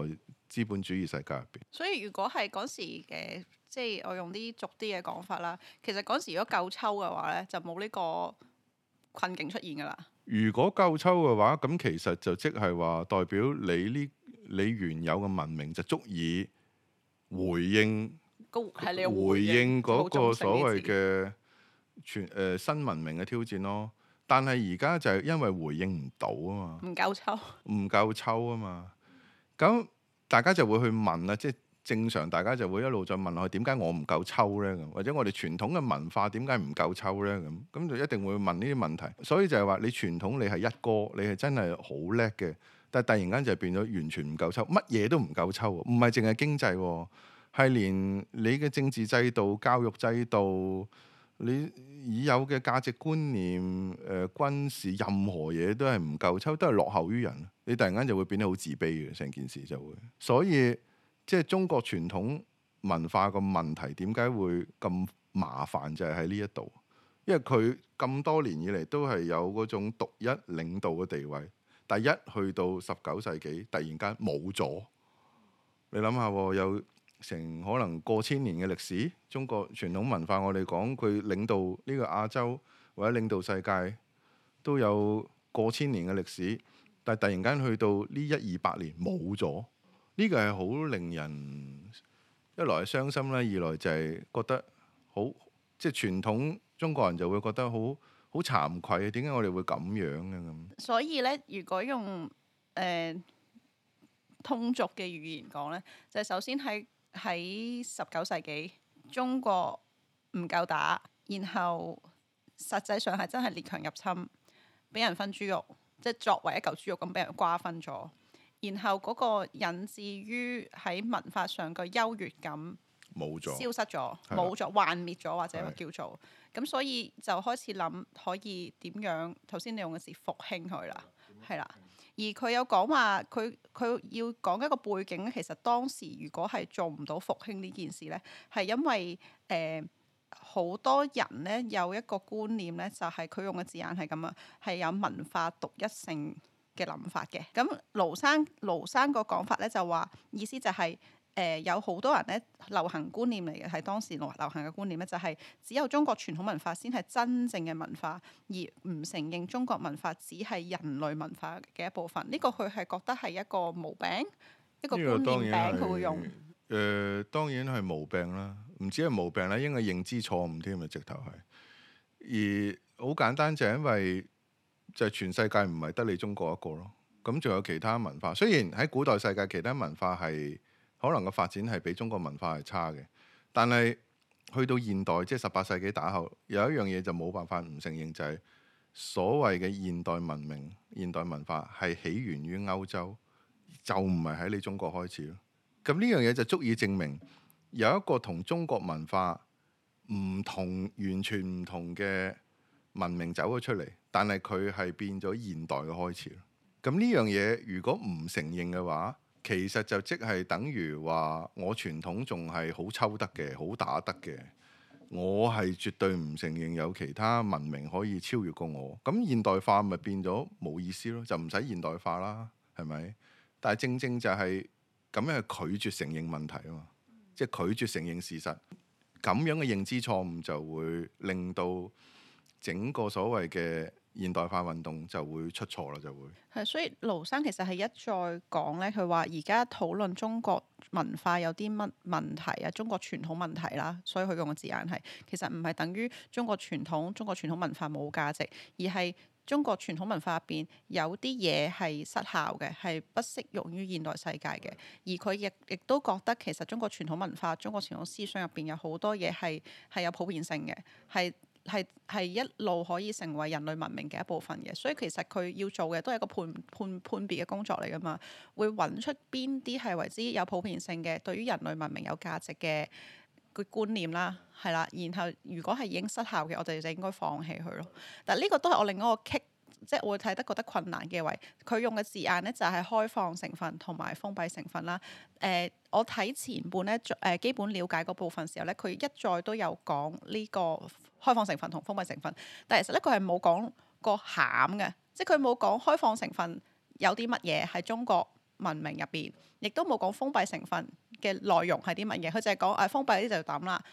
資本主義世界入邊。所以如果係嗰時嘅。即係我用啲俗啲嘅講法啦，其實嗰時如果夠抽嘅話咧，就冇呢個困境出現噶啦。如果夠抽嘅話，咁其實就即係話代表你呢你原有嘅文明就足以回應你回應嗰個所謂嘅全誒、呃、新文明嘅挑戰咯。但係而家就因為回應唔到啊嘛，唔夠抽，唔夠抽啊嘛，咁大家就會去問啦，即係。正常大家就會一路再問落去，點解我唔夠抽呢？或者我哋傳統嘅文化點解唔夠抽呢？咁咁就一定會問呢啲問題。所以就係話你傳統你係一哥，你係真係好叻嘅，但係突然間就變咗完全唔夠抽，乜嘢都唔夠抽，唔係淨係經濟，係連你嘅政治制度、教育制度、你已有嘅價值觀念、誒、呃、軍事任何嘢都係唔夠抽，都係落後於人。你突然間就會變得好自卑嘅成件事就會，所以。即係中國傳統文化個問題點解會咁麻煩就係喺呢一度，因為佢咁多年以嚟都係有嗰種獨一領導嘅地位。但一去到十九世紀突然間冇咗。你諗下，有成可能過千年嘅歷史，中國傳統文化我哋講佢領導呢個亞洲或者領導世界都有過千年嘅歷史，但係突然間去到呢一二百年冇咗。呢個係好令人一來係傷心啦，二來就係覺得好即係傳統中國人就會覺得好好慚愧啊！點解我哋會咁樣嘅咁？所以咧，如果用誒、呃、通俗嘅語言講咧，就係、首先喺喺十九世紀中國唔夠打，然後實際上係真係列強入侵，俾人分豬肉，即係作為一嚿豬肉咁俾人瓜分咗。然後嗰個引致於喺文化上嘅優越感冇咗，消失咗，冇咗，係啊，幻滅咗或者叫做咁，係啊，所以就開始諗可以點樣？頭先你用嘅字復興佢啦，係啦。而佢有講話，佢佢要講一個背景，其實當時如果係做唔到復興呢件事呢，係因為誒呃、好多人呢有一個觀念呢，就係、係、佢用嘅字眼係咁啊，係有文化獨一性。嘅諗法嘅，咁盧生盧生個講法咧就話，意思就係、是、誒、呃、有好多人咧流行觀念嚟嘅，係當時流流行嘅觀念咧，就係、是、只有中國傳統文化先係真正嘅文化，而唔承認中國文化只係人類文化嘅一部分。呢、這個佢係覺得係一個毛病，個當然一個觀念病。佢會用誒、呃，當然係毛病啦，唔止係毛病啦，應該認知錯誤添啊，直頭係。而好簡單就係、是、因為。就係全世界唔係得你中國一個咯，咁仲有其他文化。雖然喺古代世界，其他文化係可能個發展係比中國文化係差嘅，但係去到現代，即係十八世紀打後，有一樣嘢就冇辦法唔承認，就係所謂嘅現代文明、現代文化係起源於歐洲，就唔係喺你中國開始咯。咁呢樣嘢就足以證明有一個同中國文化唔同、完全唔同嘅文明走咗出嚟。但係佢係變咗現代嘅開始咯。咁呢樣嘢如果唔承認嘅話，其實就即係等於話我傳統仲係好抽得嘅，好打得嘅。我係絕對唔承認有其他文明可以超越過我。咁現代化咪變咗冇意思咯，就唔使現代化啦，係咪？但係正正就係、是、咁樣去拒絕承認問題啊嘛，即、就、係、是、拒絕承認事實。咁樣嘅認知錯誤就會令到整個所謂嘅現代化運動就會出錯啦，就會係所以，勞生其實係一再講咧，佢話而家討論中國文化有啲乜問題啊？中國傳統問題啦，所以佢用嘅字眼係其實唔係等於中國傳統、中國傳統文化冇價值，而係中國傳統文化入邊有啲嘢係失效嘅，係不適用於現代世界嘅。的而佢亦亦都覺得其實中國傳統文化、中國傳統思想入邊有好多嘢係係有普遍性嘅，係。係係一路可以成為人類文明嘅一部分嘅，所以其實佢要做嘅都係一個判判判別嘅工作嚟噶嘛，會揾出邊啲係為之有普遍性嘅，對於人類文明有價值嘅個觀念啦，係啦，然後如果係已經失效嘅，我哋就應該放棄佢咯。但係呢個都係我另一個即係我睇得覺得困難嘅位，佢用嘅字眼咧就係、是、開放成分同埋封閉成分啦。誒、呃，我睇前半咧誒基本了解嗰部分時候咧，佢一再都有講呢個開放成分同封閉成分，但係其實咧佢係冇講個餡嘅，即係佢冇講開放成分有啲乜嘢喺中國文明入邊，亦都冇講封閉成分嘅內容係啲乜嘢，佢就係講誒封閉嗰啲就抌啦。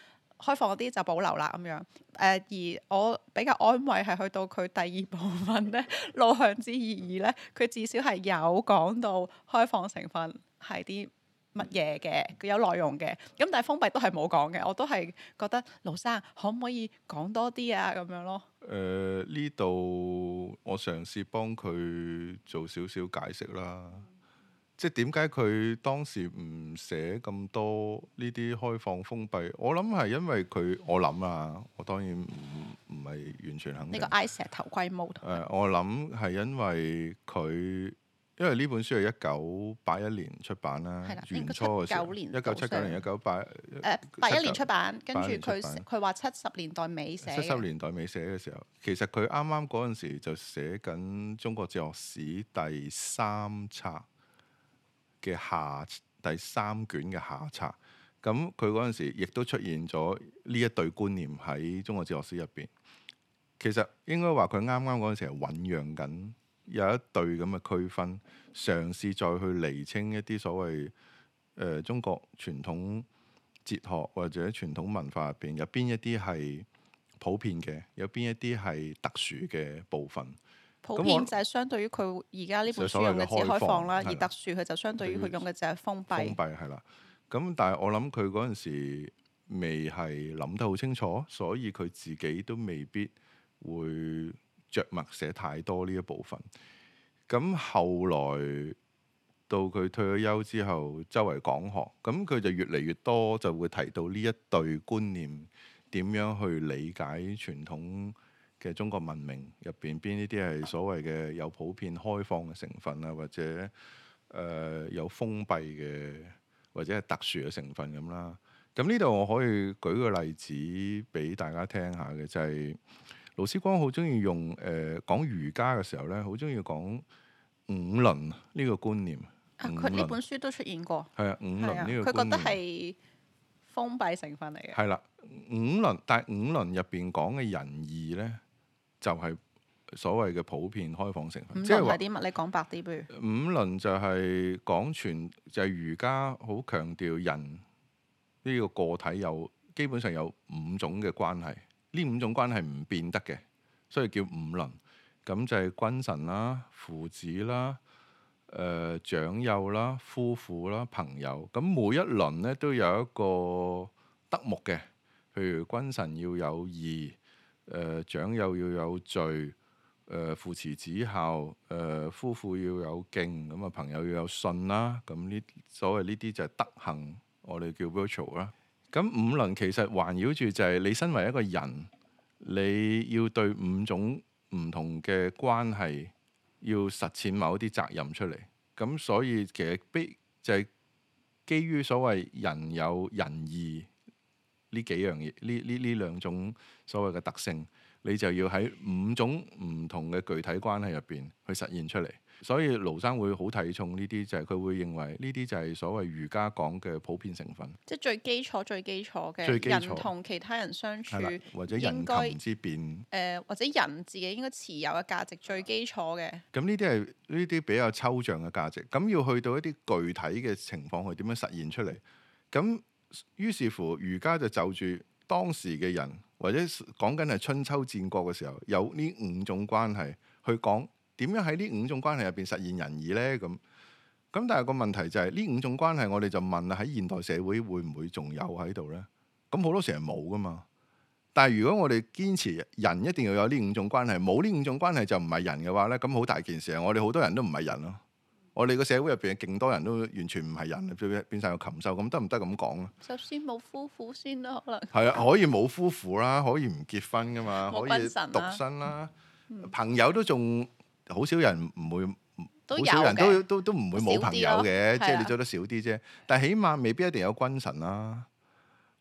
開放嗰啲就保留啦咁樣，誒、呃、而我比較安慰係去到佢第二部分呢， 路向之意義呢，佢至少係有講到開放成分係啲乜嘢嘅，佢有內容嘅。咁、嗯、但係封閉都係冇講嘅，我都係覺得勞生可唔可以講多啲啊咁樣咯？誒，呢度我嘗試幫佢做少少解釋啦。即係點解佢當時唔寫咁多呢啲開放、封閉？我諗係因為佢，我諗啊，我當然唔唔係完全肯定。呢個 I 石頭盔 mode。誒、呃，我諗係因為佢，因為呢本書係一九八一年出版啦，係啦，年初嘅時候，一九七九年、一九八誒八一年出版，跟住佢佢話七十年代尾寫，七十年代尾寫嘅時候，其實佢啱啱嗰陣時就寫緊《中國哲學史》第三冊。嘅下第三卷嘅下冊，咁佢嗰陣時亦都出現咗呢一對觀念喺中國哲學史入邊，其實應該話，佢啱啱嗰陣時係醞釀緊有一對咁嘅區分，嘗試再去厘清一啲所謂誒、呃、中國傳統哲學或者傳統文化入邊有邊一啲係普遍嘅，有邊一啲係特殊嘅部分。普遍就係相對於佢而家呢本書用嘅字開放啦，放的而特殊佢就相對於佢用嘅就係封閉。封閉係啦，咁但係我諗佢嗰陣時未係諗得好清楚，所以佢自己都未必會着墨寫太多呢一部分。咁後來到佢退咗休之後，周圍講學，咁佢就越嚟越多就會提到呢一對觀念，點樣去理解傳統。嘅中國文明入邊邊呢啲係所謂嘅有普遍開放嘅成分啦，或者誒、呃、有封閉嘅或者係特殊嘅成分咁啦。咁呢度我可以舉個例子俾大家聽下嘅，就係勞思光好中意用誒、呃、講儒家嘅時候咧，好中意講五倫呢個觀念。啊，佢呢輪本書都出現過。係啊，五倫呢個。佢覺得係封閉成分嚟嘅。係啦、啊，五倫，但係五倫入邊講嘅仁義咧。就係所謂嘅普遍開放成分，即係啲乜？你講白啲，譬如五倫就係講全，就係儒家好強調人呢個個體有基本上有五種嘅關係，呢五種關係唔變得嘅，所以叫五倫。咁就係君臣啦、父子啦、誒、呃、長幼啦、夫婦啦、朋友。咁每一倫咧都有一個德目嘅，譬如君臣要有義。誒、呃、長幼要有序，誒父慈子孝，誒、呃、夫婦要有敬，咁、嗯、啊朋友要有信啦。咁、嗯、呢所謂呢啲就係德行，我哋叫 virtue 啦、啊。咁、嗯、五倫其實環繞住就係你身為一個人，你要對五種唔同嘅關係要實踐某啲責任出嚟。咁、嗯、所以其實、就是、基就係基於所謂人有仁義。呢幾樣嘢，呢呢呢兩種所謂嘅特性，你就要喺五種唔同嘅具體關係入邊去實現出嚟。所以勞生會好睇重呢啲，就係、是、佢會認為呢啲就係所謂儒家講嘅普遍成分，即係最基礎、最基礎嘅人同其他人相處，或者人禽之別，誒、呃、或者人自己應該持有嘅價值最基礎嘅。咁呢啲係呢啲比較抽象嘅價值，咁要去到一啲具體嘅情況去點樣實現出嚟？咁於是乎，儒家就就住當時嘅人，或者講緊係春秋戰國嘅時候，有呢五種關係，去講點樣喺呢五種關係入邊實現仁義呢？咁。咁但係個問題就係、是，呢五種關係我哋就問啦，喺現代社會會唔會仲有喺度呢？咁好多時係冇㗎嘛。但係如果我哋堅持人一定要有呢五種關係，冇呢五種關係就唔係人嘅話咧，咁好大件事啊！我哋好多人都唔係人咯。我哋個社會入邊，勁多人都完全唔係人，變晒曬個禽獸，咁得唔得咁講咧？首先冇夫婦先啦，可能係啊，可以冇夫婦啦，可以唔結婚噶嘛，啊、可以獨身啦，嗯、朋友都仲好少人唔會，好少人都都都唔會冇朋友嘅，啊、即係你做得少啲啫。是啊、但係起碼未必一定有君臣啦，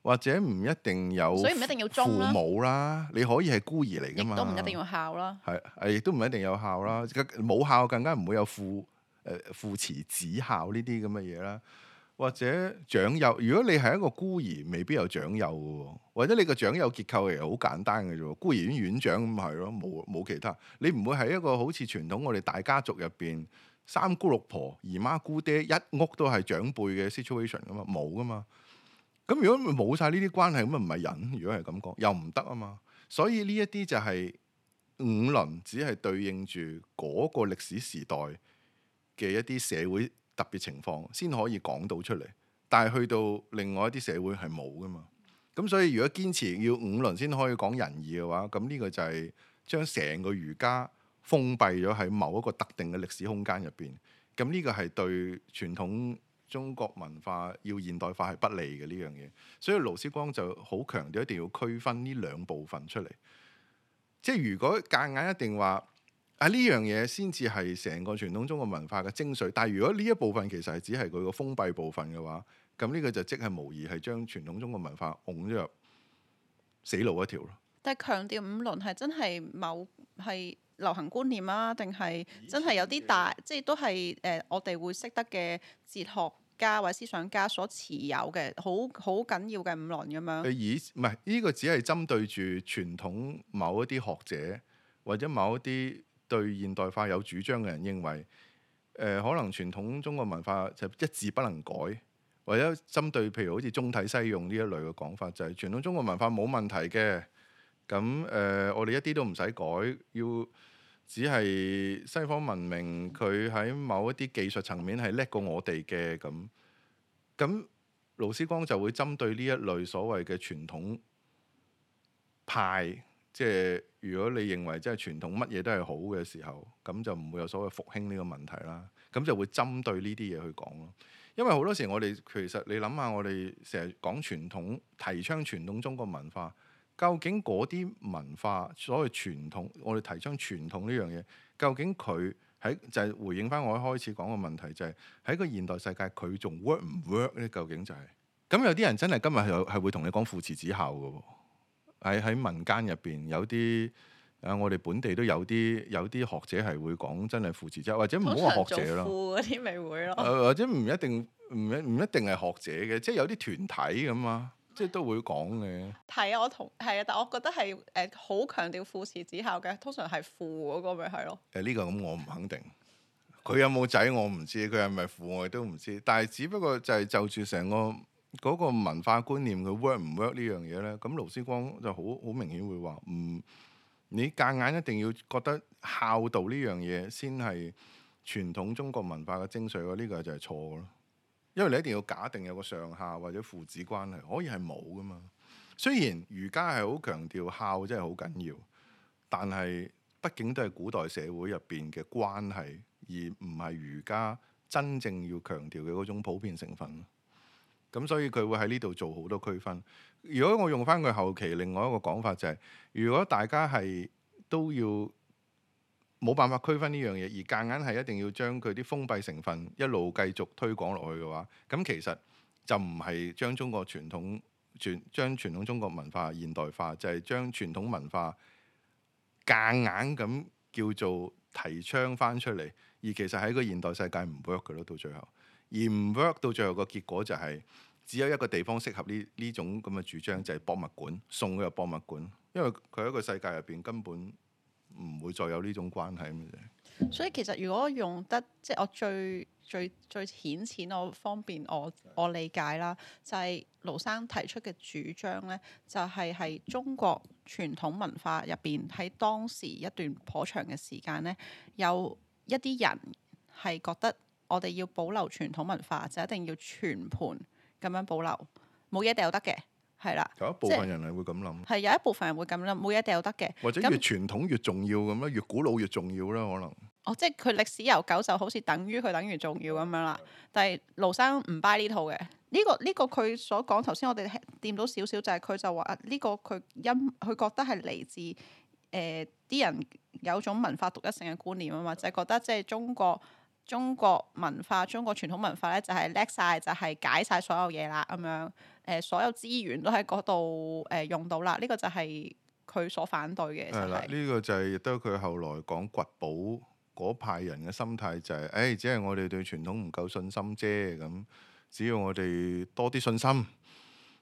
或者唔一定有，所以唔一定要父母啦，你可以係孤兒嚟噶嘛，都唔一定要孝啦，係係亦都唔一定有孝啦，冇孝更加唔會有父。誒父慈子孝呢啲咁嘅嘢啦，或者長幼。如果你係一個孤兒，未必有長幼嘅喎、哦，或者你個長幼結構其實好簡單嘅啫，孤兒院院長咁係咯，冇冇其他。你唔會係一個好似傳統我哋大家族入邊三姑六婆、姨媽姑爹一屋都係長輩嘅 situation 噶嘛，冇噶嘛。咁如果冇晒呢啲關係，咁啊唔係人。如果係咁講又唔得啊嘛，所以呢一啲就係、是、五輪，只係對應住嗰個歷史時代嘅一啲社會特別情況先可以講到出嚟，但係去到另外一啲社會係冇㗎嘛，咁所以如果堅持要五倫先可以講仁義嘅話，咁呢個就係將成個儒家封閉咗喺某一個特定嘅歷史空間入邊，咁呢個係對傳統中國文化要現代化係不利嘅呢樣嘢，所以勞思光就好強調一定要區分呢兩部分出嚟，即係如果夾硬，硬一定話。啊！呢樣嘢先至係成個傳統中國文化嘅精髓，但係如果呢一部分其實係只係佢個封閉部分嘅話，咁、嗯、呢、這個就即係無疑係將傳統中國文化拱咗入死路一條咯。但係強調五倫係真係某係流行觀念啊，定係真係有啲大，即係都係誒、呃、我哋會識得嘅哲學家或者思想家所持有嘅好好緊要嘅五倫咁樣。呃、以唔係呢個只係針對住傳統某一啲學者或者某一啲。對現代化有主張嘅人認為，誒，可能傳統中國文化就一字不能改，或者針對譬如好似中體西用呢一類嘅講法，就係傳統中國文化冇問題嘅，咁，誒，我哋一啲都唔使改，要只係西方文明佢喺某一啲技術層面係叻過我哋嘅，咁咁勞思光就會針對呢一類所謂嘅傳統派，即係。如果你認為即係傳統乜嘢都係好嘅時候，咁就唔會有所謂復興呢個問題啦。咁就會針對呢啲嘢去講咯。因為好多時我哋其實你諗下，我哋成日講傳統、提倡傳統中國文化，究竟嗰啲文化所謂傳統，我哋提倡傳統呢樣嘢，究竟佢喺就係、係、回應翻我一開始講嘅問題，就係，就係喺個現代世界佢仲 work 唔 work 咧？究竟就係、係、咁？有啲人真係今日係係會同你講父慈子孝嘅喎。喺喺民間入邊有啲，誒、啊、我哋本地都有啲有啲學者係會講真係父慈子孝，或者唔好話學者咯。通常做父嗰啲咪會咯。誒或者唔一定唔一唔一定係學者嘅，即係有啲團體咁啊，即係都會講嘅。啊， 我同係啊，但我覺得係誒好強調父慈子孝嘅，通常係父嗰個咪係咯。誒呢個咁我唔肯定，佢有冇仔我唔知，佢係咪父愛都唔知，但係只不過就係就住成個。嗰個文化觀念佢 work 唔 work 呢樣嘢呢？咁勞思光就好好明顯會話唔、嗯，你夾硬，硬一定要覺得孝道呢樣嘢先係傳統中國文化嘅精髓呢、呢個就係錯咯，因為你一定要假定有個上下或者父子關係，可以係冇噶嘛。雖然儒家係好強調孝，真係好緊要，但係畢竟都係古代社會入邊嘅關係，而唔係儒家真正要強調嘅嗰種普遍成分。咁所以佢會喺呢度做好多區分。如果我用翻佢後期另外一個講法就係，如果大家係都要冇辦法區分呢樣嘢，而夾硬係一定要將佢啲封閉成分一路繼續推廣落去嘅話，咁其實就唔係將中國傳統傳將傳統中國文化現代化，就係將傳統文化夾硬咁叫做提倡翻出嚟，而其實喺個現代世界唔 work 嘅咯，到最後。而唔 work 到最後個結果就係只有一個地方適合呢呢種咁嘅主張，就係博物館，送佢入博物館，因為佢喺個世界入邊根本唔會再有呢種關係咁嘅。所以其實如果用得即係我最最最顯淺顯我方便我我理解啦，就係勞生提出嘅主張呢，就係係中國傳統文化入邊喺當時一段頗長嘅時間呢，有一啲人係覺得。我哋要保留傳統文化，就一定要全盤咁樣保留，冇嘢掉得嘅，係啦。有一部分人係會咁諗，係有一部分人會咁諗，冇嘢掉得嘅。或者越傳統越重要咁咧，那越古老越重要啦，可能。哦，即係佢歷史悠久就好似等於佢等於重要咁樣啦。但係勞生唔 buy 呢套嘅，呢、呢個呢、呢個佢所講頭先，我哋掂到少少就係、係、佢就話呢個佢因佢覺得係嚟自誒啲、呃、人有種文化獨一性嘅觀念啊嘛，就係覺得即係中國。中國文化、中國傳統文化咧，就係叻晒，就係、是、解晒所有嘢啦，咁樣誒、呃，所有資源都喺嗰度誒用到啦。呢、這個就係佢所反對嘅。係啦，呢、這個就係亦都佢後來講掘寶嗰派人嘅心態、就是，就係誒，只係我哋對傳統唔夠信心啫。咁只要我哋多啲信心、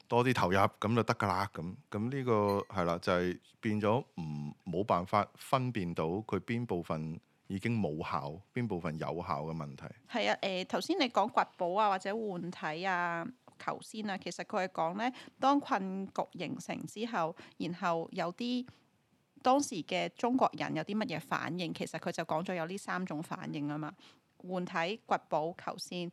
多啲投入，咁就得噶啦。咁咁呢個係啦，就係、是、變咗唔冇辦法分辨到佢邊部分。已經冇效，邊部分有效嘅問題？係啊，誒頭先你講掘寶啊，或者換體啊、求仙啊，其實佢係講呢，當困局形成之後，然後有啲當時嘅中國人有啲乜嘢反應，其實佢就講咗有呢三種反應啊嘛。換體、掘寶、求仙，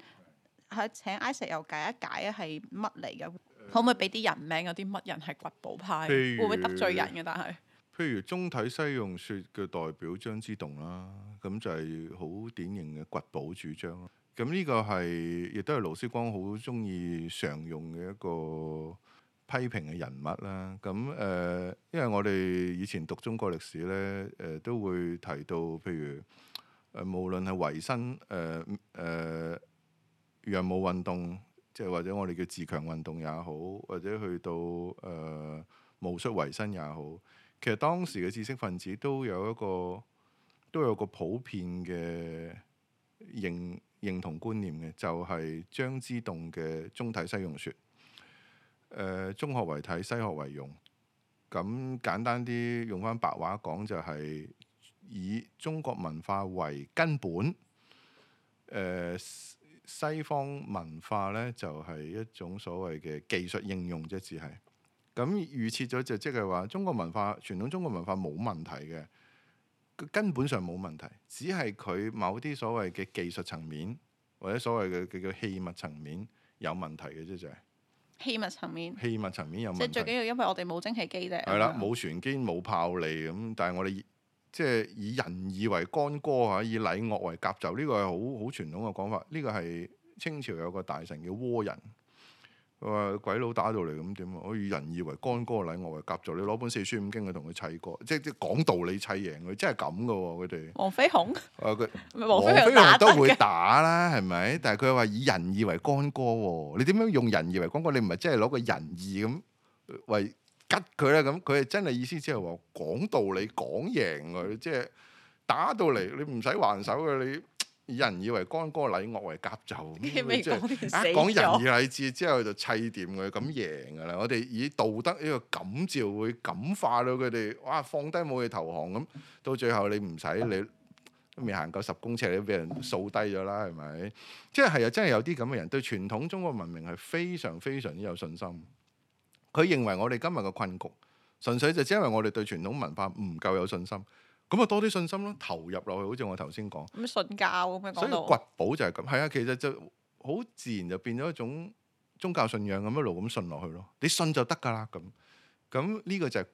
係請 Isaac 又解，解一解係乜嚟嘅？呃、可唔可以俾啲人名，有啲乜人係掘寶派？如會唔會得罪人嘅？但係。譬如中體西用説嘅代表張之洞啦，咁就係好典型嘅掘寶主張。咁呢個係亦都係勞思光好中意常用嘅一個批評嘅人物啦。咁誒、呃，因為我哋以前讀中國歷史咧，誒、呃、都會提到，譬如誒、呃、無論係維新，誒誒洋務運動，即係或者我哋嘅自強運動也好，或者去到誒戊戌維新也好。其實當時嘅知識分子都有一個都有個普遍嘅認認同觀念嘅，就係、是、張之洞嘅中體西用説。誒、呃，中學為體，西學為用。咁簡單啲用返白話講，就係以中國文化為根本。誒、呃，西方文化咧就係、是、一種所謂嘅技術應用，即只係。咁預設咗就即係話中國文化，傳統中國文化冇問題嘅，根本上冇問題，只係佢某啲所謂嘅技術層面或者所謂嘅叫嘅器物層面有問題嘅啫，就係器物層面、器物層面有問題。即係最緊要，因為我哋冇蒸汽機咧，係啦的，冇的船堅、冇炮利咁。但係我哋即係以仁義為干戈嚇，以禮樂為甲胄，呢、呢個係好好傳統嘅講法。呢、呢個係清朝有個大臣叫倭人。我話鬼佬打到嚟咁點啊？我以仁義為干戈，禮我為夾助，你攞本四書五經去同佢砌過，即即講道理砌贏佢，真係咁噶喎佢哋。黃飛鴻。啊佢黃 飛鴻，飛鴻都會打啦，係咪？ 但係佢話以仁義為干戈喎，你點樣用仁義為干戈？你唔係真係攞個仁義咁喂吉佢咧？咁佢係真係意思即係話講道理講贏佢，即係打到嚟你唔使還手嘅你。以仁義為干戈禮樂為甲胄，即係係、啊、講仁義禮智之後就砌掂佢咁贏㗎啦。我哋以道德呢個感召會感化到佢哋，哇！放低武器投降咁，到最後你唔使你未行夠十公尺，你都俾人掃低咗啦，係咪？即係係又真係有啲咁嘅人對傳統中國文明係非常非常之有信心。佢認為我哋今日嘅困局，純粹就只因為我哋對傳統文化唔夠有信心。咁啊多啲信心咯，投入落去，好似我頭先講咁信教咁樣講。所以掘寶就係咁，係啊，其實就好自然就變咗一種宗教信仰咁一路咁信落去咯，你信就得噶啦咁，咁呢、呢個就係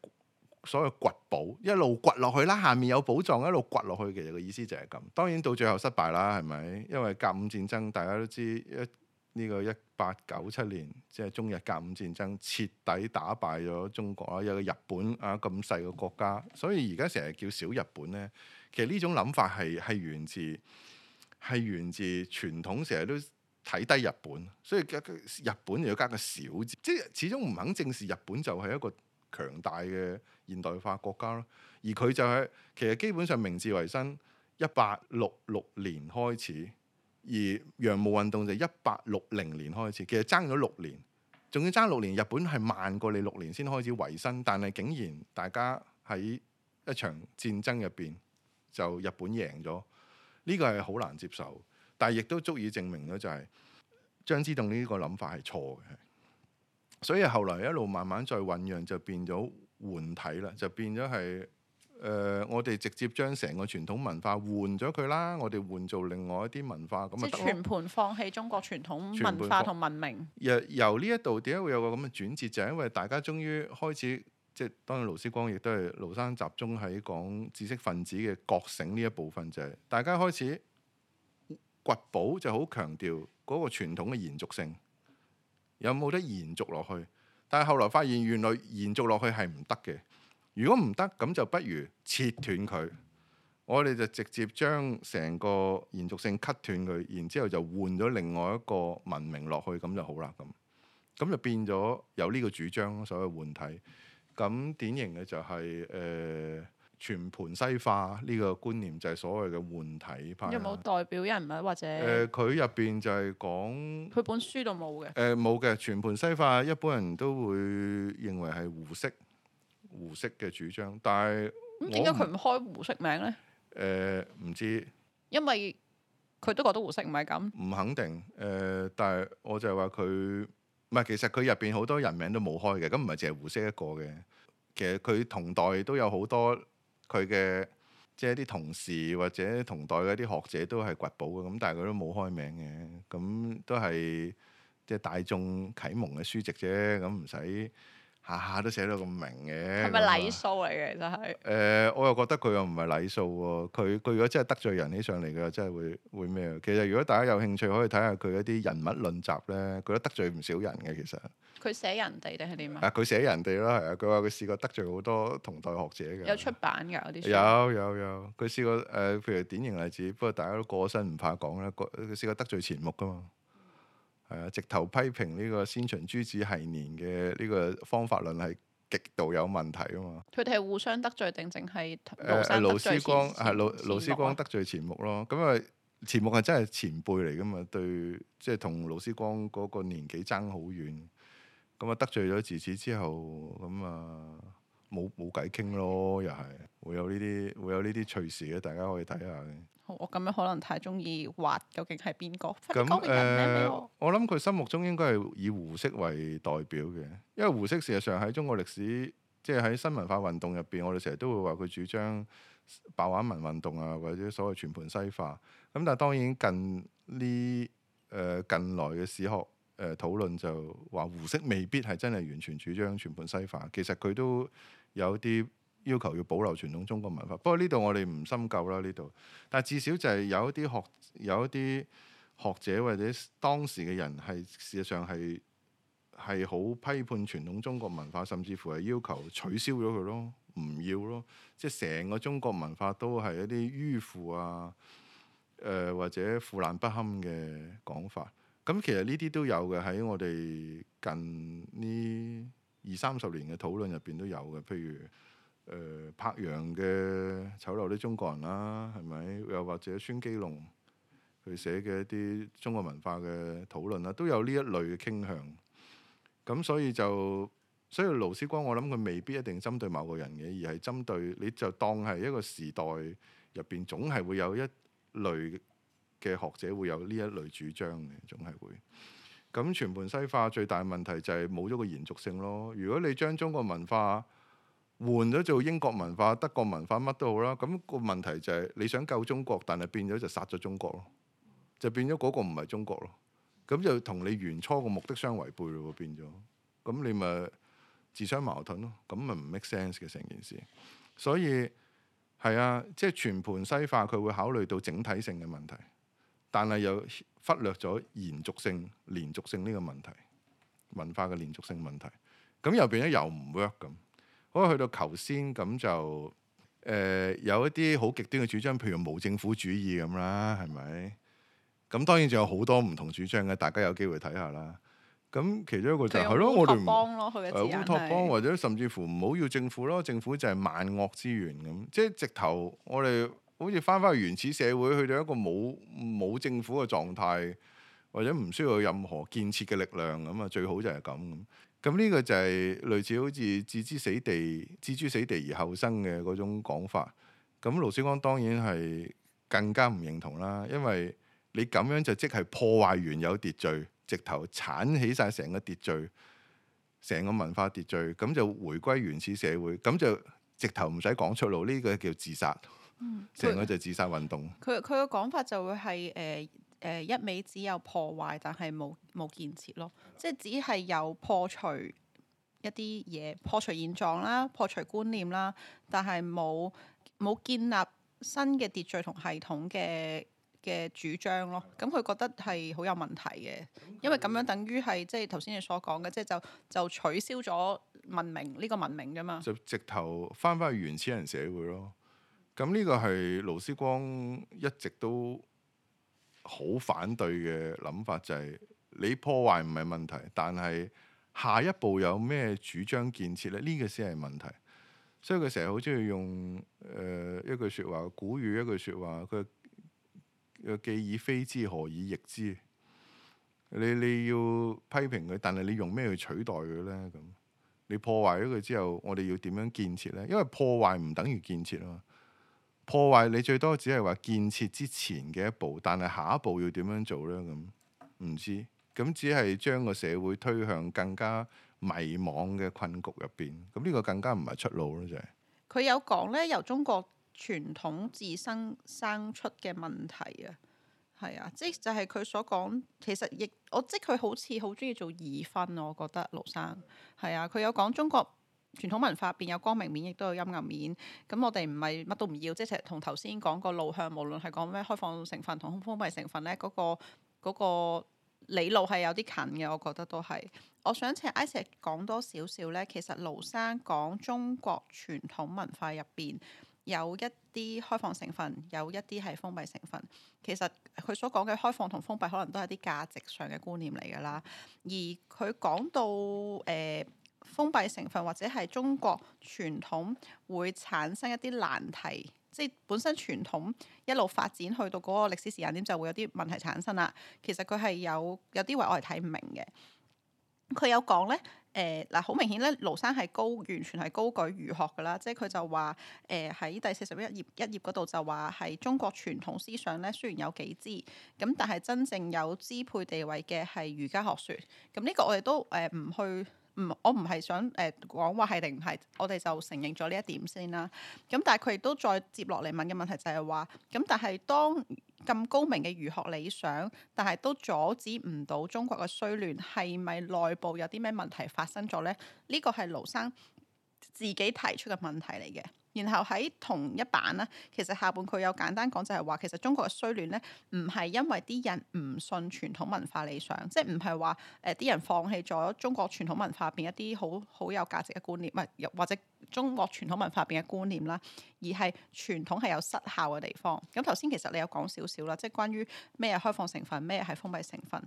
所謂掘寶，一路掘落去啦，下面有寶藏，一路掘落去，其實個意思就係咁，當然到最後失敗啦，係咪？因為甲午戰爭大家都知呢個一八九七年即係中日甲午戰爭，徹底打敗咗中國啦。有一個日本啊咁細嘅國家，所以而家成日叫小日本呢，其實呢種諗法係係源自係源自傳統，成日都睇低日本，所以日本又要加個小字，即係始終唔肯正視日本就係一個強大嘅現代化國家咯。而佢就係、是、其實基本上明治維新一八六六年開始。而洋務運動就一八六零年開始，其實爭咗六年，仲要爭六年。日本係慢過你六年先開始維新，但係竟然大家喺一場戰爭入邊就日本贏咗，呢、這個係好難接受，但係亦都足以證明咗就係、是、張之洞呢個諗法係錯嘅。所以後來一路慢慢再醞釀就變咗換體啦，就變咗係。誒、呃，我哋直接將成個傳統文化換咗佢啦，我哋換做另外一啲文化咁。即全盤放棄中國傳統文化同文明。由呢一度點解會有個咁嘅轉折，就係因為大家終於開始，即係當然勞思光亦都係勞生集中喺講知識分子嘅覺醒呢一部分，就係、是、大家開始掘寶，就好強調嗰個傳統嘅延續性有冇得延續落去，但係後來發現原來延續落去係唔得嘅。如果唔得，咁就不如切斷佢。我哋就直接將成個延續性 cut 斷佢，然之後就換咗另外一個文明落去，咁就好啦。咁咁就變咗有呢個主張，所謂換體，咁典型嘅就係，誒，呃，全盤西化呢個觀念，就係所謂嘅換體派。有冇代表人物或者？誒，呃，佢入邊就係講佢本書都冇嘅。誒，冇嘅，全盤西化一般人都會認為係胡適。胡適嘅主張，但係咁點解佢唔開胡適名咧？誒呃，唔知，因為佢都覺得胡適唔係咁，唔肯定。誒、呃，但係我就係話佢唔係，其實佢入邊好多人名都冇開嘅，咁唔係淨係胡適一個嘅。其實佢同代都有好多佢嘅，即係啲同事或者同代嘅啲學者都係掘寶嘅，咁但係佢都冇開名嘅。咁都係即係大眾啟蒙嘅書籍啫，咁唔使。下下都寫到咁明嘅，係咪禮數嚟嘅其實係？誒、呃，我又覺得佢又唔係禮數喎。佢佢如果真係得罪人起上嚟嘅，真係會會咩？其實如果大家有興趣，可以睇下佢一啲人物論集咧，佢都得罪唔少人嘅其實。佢寫人哋定係點啊？佢寫人哋咯，係啊。佢話佢試過得罪好多同代學者嘅，有出版㗎嗰啲書。有有有，佢試過誒、呃，譬如典型例子，不過大家都過身唔怕講啦。佢試過得罪錢穆㗎嘛。係啊，直頭批評呢個先秦諸子繫年嘅呢個方法論係極度有問題啊嘛！佢哋係互相得罪定淨係？勞思、啊、光係勞勞思光得罪錢穆咯。咁啊，錢穆係真係前輩嚟噶嘛？對，即係同勞思光嗰個年紀爭好遠。咁、嗯、啊，得罪咗自此之後，咁、嗯、啊冇冇偈傾咯，又係會有呢啲會有呢啲趣事嘅，大家可以睇下。我咁樣可能太中意畫，究竟係邊個？咁誒，呃、 我諗佢心目中應該係以胡適為代表嘅，因為胡適事實上喺中國歷史，即係喺新文化運動入邊，我哋成日都會話佢主張白話文運動啊，或者所謂全盤西化。咁、嗯、但係當然近呢誒、呃、近來嘅史學誒、呃、討論就話胡適未必係真係完全主張全盤西化，其實佢都有啲。要求要保留傳統中國文化，不過呢度我哋唔深究啦。呢度，但係至少就係有一啲學有一啲學者或者當時嘅人係事實上係係好批判傳統中國文化，甚至乎係要求取消咗佢咯，唔要咯。即係成個中國文化都係一啲迂腐啊，誒、呃、或者腐爛不堪嘅講法。咁其實呢啲都有嘅喺我哋近呢二三十年嘅討論入邊都有嘅，譬如。誒、呃、柏楊嘅醜陋的中國人啦、啊，係咪？又或者孫隆基佢寫嘅一啲中國文化嘅討論啦、啊，都有呢一類嘅傾向。咁所以就所以勞思光，我諗佢未必一定針對某個人嘅，而係針對你就當係一個時代入邊，總係會有一類嘅學者會有呢一類主張嘅，總係會。咁全盤西化最大問題就係冇咗個延續性咯。如果你將中國文化換咗做英國文化、德國文化，乜都好啦。咁個問題就係你想救中國，但係變咗就殺咗中國咯，就變咗嗰個唔係中國咯。咁就同你原初個目的相違背咯，變咗咁你咪自相矛盾咯。咁咪唔 make sense 嘅成件事。所以係啊，即係全盤西化，佢會考慮到整體性嘅問題，但係又忽略咗延續性、連續性呢個問題，文化嘅連續性問題。咁又變咗，又唔 work 咁。好去到頭先咁就誒、呃、有一啲好極端嘅主張，譬如冇政府主義咁啦，係咪？咁當然仲有好多唔同主張嘅，大家有機會睇下啦。咁其中一個就係、是、咯，我哋唔、呃、烏托邦咯，佢嘅字眼係，或者甚至乎唔好要，要政府咯，政府就係萬惡之源咁。即係直頭，我哋好似翻返去原始社會，去到一個冇冇政府嘅狀態，或者唔需要任何建設嘅力量咁啊，最好就係咁咁。咁呢個就係類似好似置之死地、置之死地而後生嘅嗰種講法。咁勞思光當然係更加唔認同啦，因為你咁樣就即係破壞原有秩序，直頭鏟起晒成個秩序，成個文化秩序，咁就回歸原始社會，咁就直頭唔使講出路，呢、呢個叫自殺，成個就自殺運動。佢佢嘅講法就會係誒。呃誒、呃、一味只有破壞，但係冇冇建設咯，即係只係有破除一啲嘢，破除現狀啦，破除觀念啦，但係冇冇建立新嘅秩序同系統嘅嘅主張咯。咁、嗯、佢覺得係好有問題嘅，嗯、因為咁樣等於係即係頭先你所講嘅，即係就是、就，就取消咗文明呢、這個文明啫嘛。就直頭翻翻去原始人社會咯。咁、嗯、呢個係勞思光一直都。好反對嘅諗法就係你破壞唔係問題，但係下一步有咩主張建設咧？呢個先係問題。所以佢成日好中意用誒、呃、一句説話，古語一句説話，佢既以非之，何以易之？你你要批評佢，但係你用咩去取代佢咧？咁你破壞咗佢之後，我哋要點樣建設咧？因為破壞唔等於建設啊嘛。破壞你最多只係話建設之前嘅一步，但係下一步要點樣做呢？咁唔知，咁只係將個社會推向更加迷茫嘅困局入邊。咁呢個更加唔係出路咯，就係。佢有講呢，由中國傳統自身生，生出嘅問題啊，係啊，即就係、是、佢所講，其實亦我即佢、就是、好似好中意做二分。我覺得勞生係啊，佢有講中國，傳統文化入邊有光明面，亦都有陰暗面。咁我哋唔係乜都唔要，即係同頭先講個路向，無論係講咩開放成分同封閉成分咧，嗰個嗰個理路係有啲近嘅，我覺得都係。我想請 Isaac 講多少少咧，其實勞生講中國傳統文化入邊有一啲開放成分，有一啲係封閉成分。其實佢所講嘅開放同封閉，可能都係啲價值上嘅觀念嚟㗎啦。而佢講到誒。呃封閉成分或者係中國傳統會產生一啲難題，即係本身傳統一路發展去到嗰個歷史時間點就會有啲問題產生啦。其實佢係有有啲位我係睇唔明嘅。佢有講呢，誒、呃、嗱，好明顯呢，勞生係高，完全係高舉儒學㗎喇，即係佢就話誒喺第四十一頁一頁嗰度就話係中國傳統思想呢，雖然有幾支，咁但係真正有支配地位嘅係儒家學說。咁呢個我哋都誒唔、呃、去。唔、呃，我唔係想誒講話係定唔係，我哋就承認咗呢一點先啦。咁、嗯、但係佢亦都再接落嚟問嘅問題就係話，咁、嗯、但係當咁高明嘅儒學理想，但係都阻止唔到中國嘅衰亂，係咪內部有啲咩問題發生咗咧？呢個係勞先生自己提出嘅問題嚟嘅。然後喺同一版咧，其實下半句有簡單講就係話，其實中國嘅衰亂呢，唔係因為啲人唔信傳統文化理想，即係唔係話誒啲人放棄咗中國傳統文化入邊一啲好好有價值嘅觀念，唔係又或者中國傳統文化入邊嘅觀念啦，而係傳統係有失效嘅地方。咁頭先其實你有講少少啦，即係關於咩開放成分，咩係封閉成分。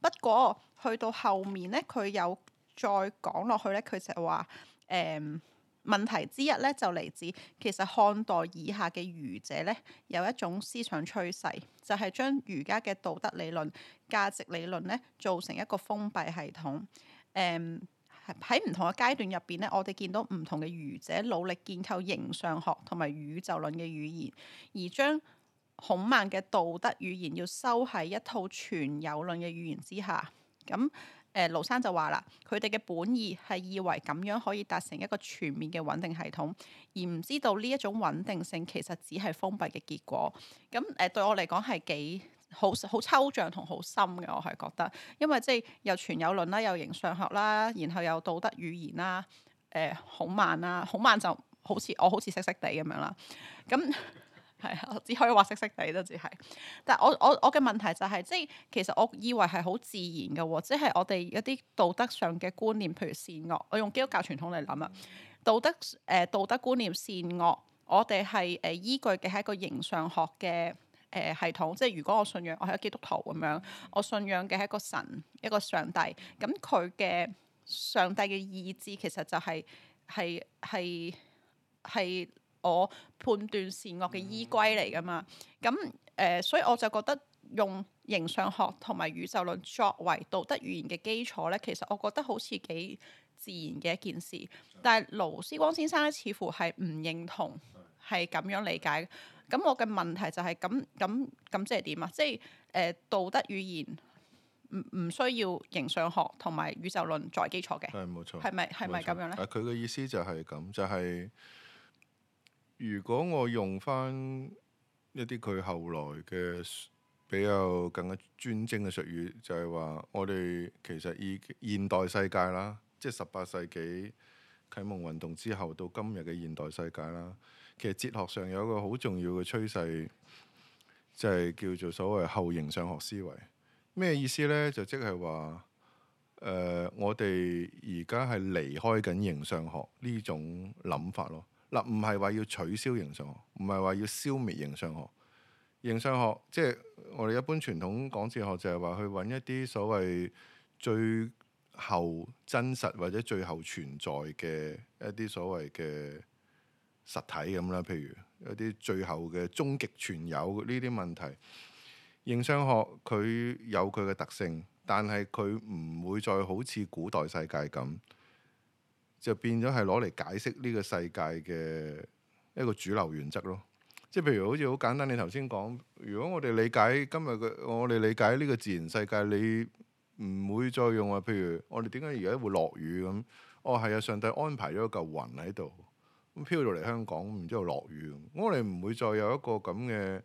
不過去到後面呢，佢有再講落去呢，佢就係話誒。嗯問題之一咧，就嚟自其實漢代以下嘅儒者咧，有一種思想趨勢，就係、是、將儒家嘅道德理論、價值理論咧，做成一個封閉系統。誒、嗯，喺唔同嘅階段入邊咧，我哋見到唔同嘅儒者努力建構形上學同埋宇宙論嘅語言，而將孔孟嘅道德語言要收喺一套全有論嘅語言之下，咁、嗯。誒，勞生就話啦，佢哋嘅本意係以為咁樣可以達成一個全面嘅穩定系統，而唔知道呢一種穩定性其實只係封閉嘅結果。咁誒，對我嚟講係幾好好抽象同好深嘅，我係覺得，因為即係又存有論啦，又形上學啦，然後又道德語言啦，誒、呃、好慢啦，好慢就好似我好似識識地咁樣啦，咁。係啊，我只可以話識識睇都只係，但係我我我嘅問題就係、是，即係其實我以為係好自然嘅喎，即係我哋一啲道德上嘅觀念，譬如善惡，我用基督教傳統嚟諗啊，道德誒、呃、道德觀念善惡，我哋係誒依據嘅係一個形上學嘅誒、呃、系統，即係如果我信仰我係一個基督徒咁樣，我信仰嘅係一個神一個上帝，咁佢嘅上帝嘅意志其實就係係係係。我判斷善惡嘅依歸嚟㗎嘛？咁誒、嗯呃，所以我就覺得用形上學同埋宇宙論作為道德語言嘅基礎咧，其實我覺得好似幾自然嘅一件事。嗯、但係勞思光先生咧，似乎係唔認同係咁樣理解。咁、嗯、我嘅問題就係咁咁咁，即係點啊？即係誒，道德語言唔唔需要形上學同埋宇宙論作為基礎嘅。係冇錯。係咪係咪咁樣咧？佢嘅意思就係咁，就係、是。如果我用翻一啲佢後來嘅比較更加專精嘅術語，就係話我哋其實以現代世界啦，即係十八世紀啟蒙運動之後到今日嘅現代世界啦，其實哲學上有一個好重要嘅趨勢，就係叫做所謂後形上學思維。咩意思呢？就即係話誒，我哋而家係離開緊形上學呢種諗法咯。嗱，唔係話要取消形上學，唔係話要消滅形上學。形上學即係、就是、我哋一般傳統講哲學就係話去揾一啲所謂最後真實或者最後存在嘅一啲所謂嘅實體，咁啦。譬如一啲最後嘅終極存有呢啲問題。形上學佢有佢嘅特性，但係佢唔會再好似古代世界咁。就變咗係攞嚟解釋呢個世界嘅一個主流原則咯。即係譬如好似好簡單，你頭先講，如果我哋理解今日嘅，我哋理解呢個自然世界，你唔會再用話、啊，譬如我哋點解而家會落雨咁？哦，係啊，上帝安排咗一嚿雲喺度，咁飄到嚟香港，然之後落雨。我哋唔會再有一個咁嘅，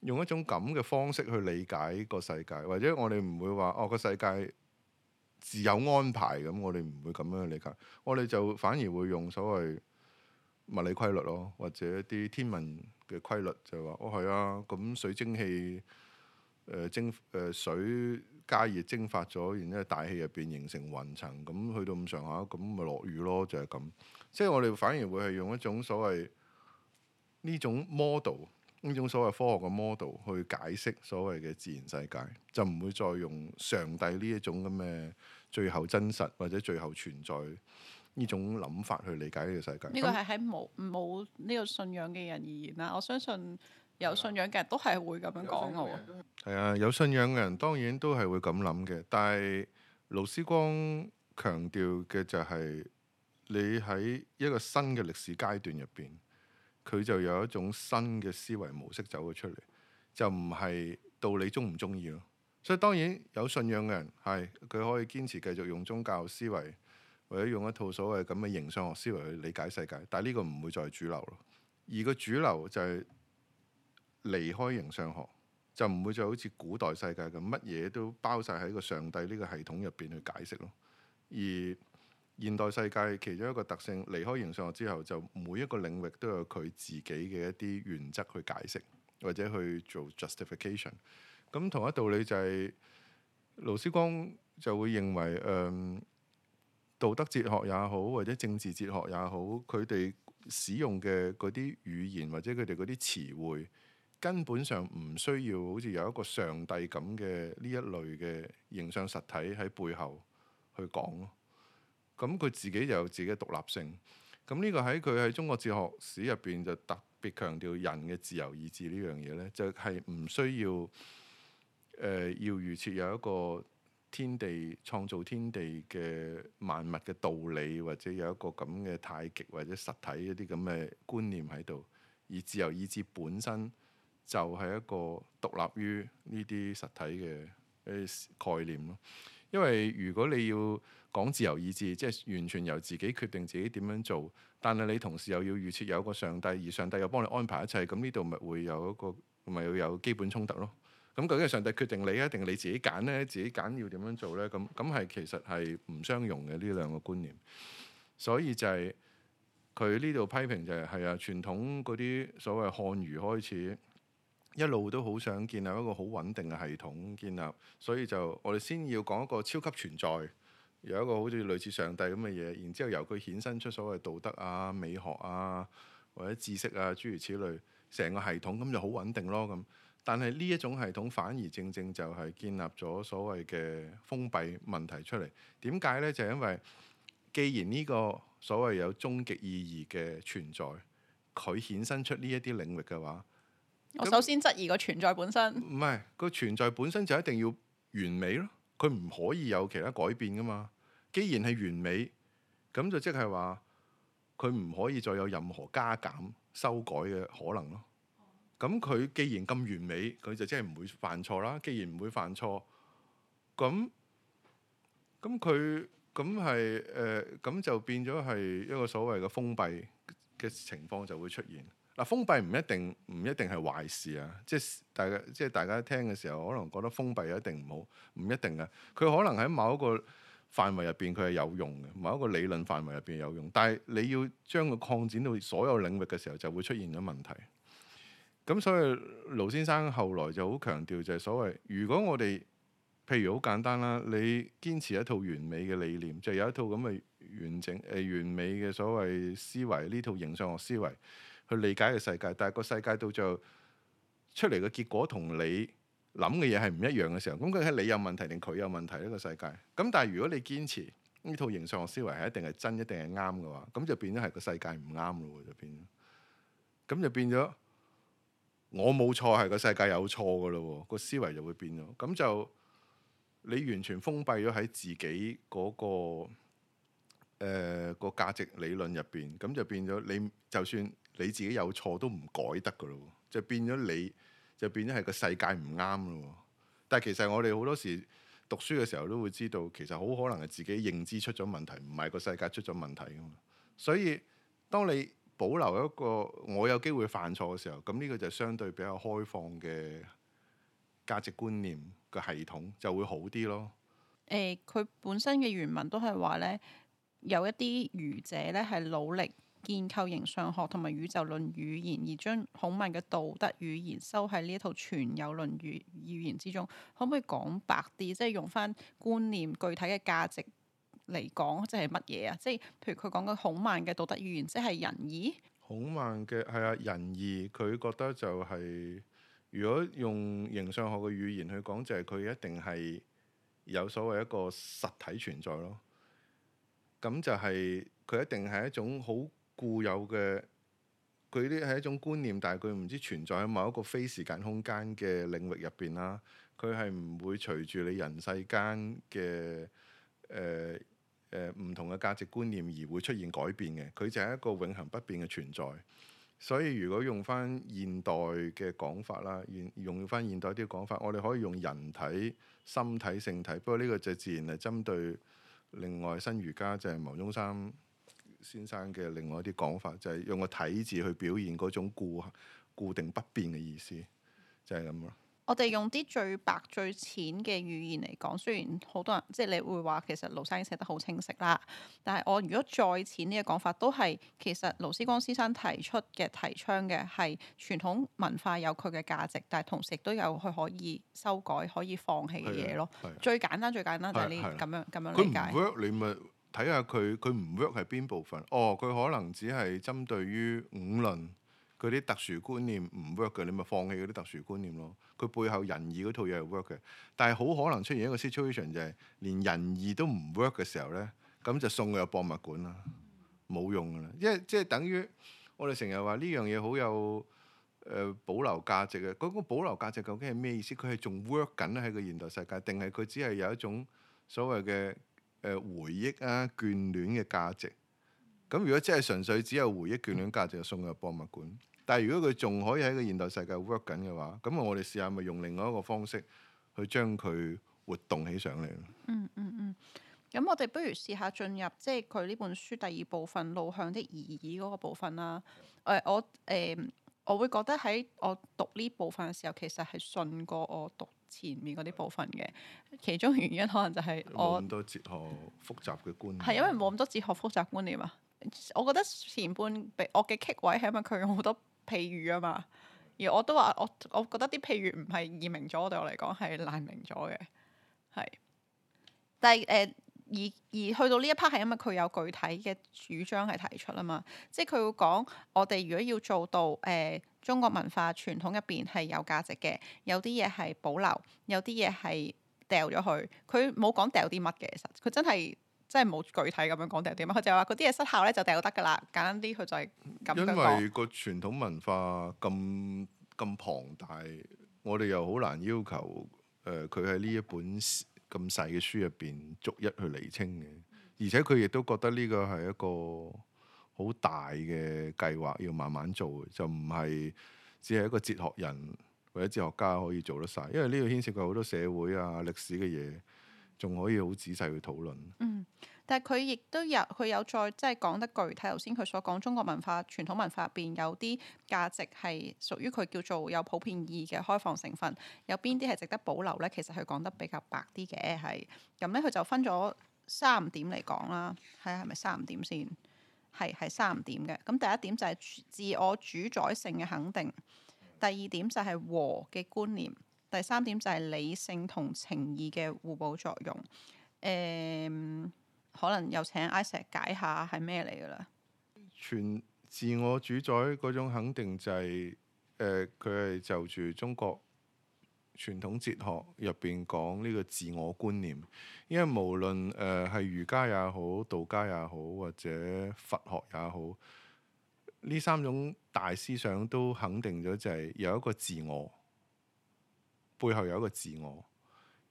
用一種咁嘅方式去理解個世界，或者我哋唔會話，哦，個世界，自有安排咁，我哋唔會咁樣去理解。我哋就反而會用所謂物理規律咯，或者一啲天文嘅規律就係話：哦，係啊，咁水蒸氣誒、呃、蒸誒、呃、水加熱蒸發咗，然之後大氣入邊形成雲層，咁去到咁上下，咁咪落雨咯，就係、是、咁。即係我哋反而會係用一種所謂呢種 model。呢種所謂科學嘅 model 去解釋所謂嘅自然世界，就唔會再用上帝呢一種咁嘅最後真實或者最後存在呢種諗法去理解呢個世界。呢個係喺冇冇呢個信仰嘅人而言啦。我相信有信仰嘅人的都係會咁樣講嘅。係啊，有信仰嘅人當然都係會咁諗嘅。但係勞思光強調嘅就係你喺一個新嘅歷史階段入邊。佢就有一種新嘅思維模式走咗出嚟，就唔係到你中唔中意咯。所以當然有信仰嘅人係佢可以堅持繼續用宗教思維或者用一套所謂咁嘅形上學思維去理解世界。但係呢個唔會再係主流咯。而個主流就係離開形上學，就唔會再好似古代世界咁乜嘢都包晒喺個上帝呢個系統入邊去解釋咯。而現代世界其中一個特性，離開形上學之後，就每一個領域都有佢自己嘅一啲原則去解釋，或者去做 justification。咁同一道理就係、是，勞思光就會認為誒、嗯、道德哲學也好，或者政治哲學也好，佢哋使用嘅嗰啲語言或者佢哋嗰啲詞彙，根本上唔需要好似有一個上帝咁嘅呢一類嘅形上實體喺背後去講咯。咁佢自己就有自己嘅獨立性，咁呢個喺佢喺中國哲學史入邊就特別強調人嘅自由意志呢樣嘢呢就係、是、唔需要誒、呃、要預設有一個天地創造天地嘅萬物嘅道理，或者有一個咁嘅太極或者實體一啲咁嘅觀念喺度，而自由意志本身就係一個獨立於呢啲實體嘅概念咯。因為如果你要講自由意志，即係完全由自己決定自己點樣做。但係你同時又要預設有個上帝，而上帝又幫你安排一切。咁呢度咪會有一個咪要有基本衝突咯？咁究竟上帝決定你，定你自己揀呢？自己揀要點樣做呢？咁咁係其實係唔相容嘅呢兩個觀念。所以就係佢呢度批評就係、係、係啊，傳統嗰啲所謂漢儒開始一路都好想建立一個好穩定嘅系統建立，所以就我哋先要講一個超級存在。有一個好似類似上帝咁嘅嘢，然之後由佢衍生出所謂道德啊、美學啊或者知識啊諸如此類，成個系統咁就好穩定咯咁。但係呢一種系統反而正正就係建立咗所謂嘅封閉問題出嚟。點解呢？就係、是、因為既然呢個所謂有終極意義嘅存在，佢衍生出呢一啲領域嘅話，我首先質疑個那存在本身。唔係個存在本身就一定要完美咯，佢唔可以有其他改變噶嘛。既然係完美，咁就即係話佢唔可以再有任何加減修改嘅可能咯。咁佢既然咁完美，佢就即係唔會犯錯啦。既然唔會犯錯，咁咁佢咁係誒咁就變咗係一個所謂嘅封閉嘅情況就會出現嗱。啊，封閉唔一定唔一定係壞事啊，即係大家即係大家聽嘅時候，可能覺得封閉一定唔好，唔一定啊。佢可能喺某一個。範圍入邊佢係有用嘅，某一個理論範圍入邊有用，但係你要將佢擴展到所有領域嘅時候，就會出現咗問題。咁所以勞先生後來就好強調，就係所謂如果我哋譬如好簡單啦，你堅持一套完美嘅理念，就係、有一套咁嘅完整誒、呃、完美嘅所謂思維，呢套形上學思維去理解嘅世界，但係個世界到最後出嚟嘅結果同你諗嘅嘢係唔一樣嘅時候，咁佢係你有問題定佢有問題呢、呢個世界？咁但係如果你堅持呢套形上學思維係一定係真一定係啱嘅話，咁就變咗係個世界唔啱咯，就變咁就變咗我冇錯係個世界有錯嘅咯，這個思維就會變咗，咁就你完全封閉咗喺自己嗰、嗰個誒、呃這個價值理論入邊，咁就變咗你就算你自己有錯都唔改得嘅咯，就變咗你。就變咗係個世界唔啱咯，但係其實我哋好多時讀書嘅時候都會知道，其實好可能係自己認知出咗問題，唔係個世界出咗問題㗎嘛。所以當你保留一個我有機會犯錯嘅時候，咁呢個就相對比較開放嘅價值觀念嘅系統就會好啲咯。誒、欸，佢本身嘅原文都係話呢有一啲愚者呢係努力。建構形上學同埋宇宙論語言，而將孔孟嘅道德語言收喺呢一套全有論語語言之中，可唔可以講白啲？即係用翻觀念具體嘅價值嚟講，即係乜嘢啊？即係譬如佢講嘅孔孟嘅道德語言，即係仁義。孔孟嘅係啊，仁義，佢覺得就係如果用形上學嘅語言去講，就係佢一定係有所謂一個實體存在咯。咁就係佢一定係一種好。固有嘅佢啲係一種觀念，但係佢唔知存在喺某一個非時間空間嘅領域入邊啦。佢係唔會隨住你人世間嘅，誒誒唔同嘅價值觀念而會出現改變嘅。佢就係一個永恆不變嘅存在。所以如果用翻現代嘅講法啦，用翻現代啲講法，我哋可以用人體心體性體，不過呢個就自然係針對另外新儒家，就係、是、牟宗三先生嘅另外一啲講法，就係、是、用個體字去表現嗰種固固定不變嘅意思，就係咁咯。我哋用啲最白最淺嘅語言嚟講，雖然好多人即係你會話其實勞生已經寫得好清晰啦，但係我如果再淺呢個講法都，都係其實勞思光先生提出嘅提倡嘅係傳統文化有佢嘅價值，但係同時亦都有佢可以修改、可以放棄嘅嘢咯。最簡單、最簡單就係呢咁樣咁樣理解。睇下佢佢唔 work 係邊部分？哦，佢可能只係針對於五倫嗰啲特殊觀念唔 work 嘅，你咪放棄嗰啲特殊觀念咯。佢背後仁義嗰套嘢係 work 嘅，但係好可能出現一個 situation 就係、是、連仁義都唔 work 嘅時候咧，咁就送佢入博物館啦，冇用噶啦。因為即係等於我哋成日話呢樣嘢好有誒、呃、保留價值嘅。嗰個保留價值究竟係咩意思？佢係仲 work 緊喺個現代世界，定係佢只係有一種所謂嘅，誒，回憶啊、眷戀嘅價值，咁如果真係純粹只有回憶眷戀價值，就送入博物館。嗯、但係如果佢仲可以喺個現代世界 work 緊嘅話，咁我哋試下咪用另外一個方式去將佢活動起上嚟、嗯。嗯嗯嗯，咁我哋不如試下進入即係佢呢本書第二部分路向的意義嗰個部分啦。誒、嗯呃、我誒、呃、我會覺得喺我讀呢部分嘅時候，其實係信過我讀。前面嗰啲部分嘅其中原因可能就係我冇咁多哲學複雜嘅觀念，係因為冇咁多哲學複雜觀念啊。我覺得前半俾我嘅棘位，係因為佢用好多譬喻啊嘛？而我都話，我我覺得啲譬喻唔係易明咗，對我嚟講係難明咗嘅。係，但係誒。呃而而去到呢一 part 係因為佢有具體嘅主張係提出啊嘛，即係佢會講，我哋如果要做到誒、呃、中國文化傳統入邊係有價值嘅，有啲嘢係保留，有啲嘢係掉咗去。佢冇講掉啲乜嘅，其實，佢真係真係冇具體咁樣講掉啲乜，佢就係話嗰啲嘢失效咧就掉得㗎啦，簡單啲佢就係，咁樣講。因為，講，因為個傳統文化咁咁龐大，我哋又好難要求誒佢喺呢一本，咁細嘅書入邊，逐一去釐清嘅，而且佢亦都覺得呢個係一個好大嘅計劃，要慢慢做嘅，就唔係只係一個哲學人或者哲學家可以做得晒。因為呢個牽涉過好多社會啊、歷史嘅嘢，仲可以好仔細去討論。嗯但係佢亦都有佢有再即係講得具體。頭先佢所講中國文化傳統文化入邊有啲價值係屬於佢叫做有普遍意義嘅開放成分，有邊啲係值得保留咧？其實，佢講得比較白啲嘅係咁咧，佢、嗯、就分咗三點嚟講啦。係係咪三點先？係係三點嘅。咁、嗯、第一點就係自我主宰性嘅肯定，第二點就係和嘅觀念，第三點就係理性同情意嘅互補作用。誒、嗯。可能又請 Isaac 解，解下係咩嚟㗎啦？全自我主宰嗰種肯定就係誒，佢係就住中國傳統哲學入邊講呢個自我觀念。因為無論誒係儒家也好、道家也好，或者佛學也好，呢三種大思想都肯定咗就係有一個自我，背後有一個自我。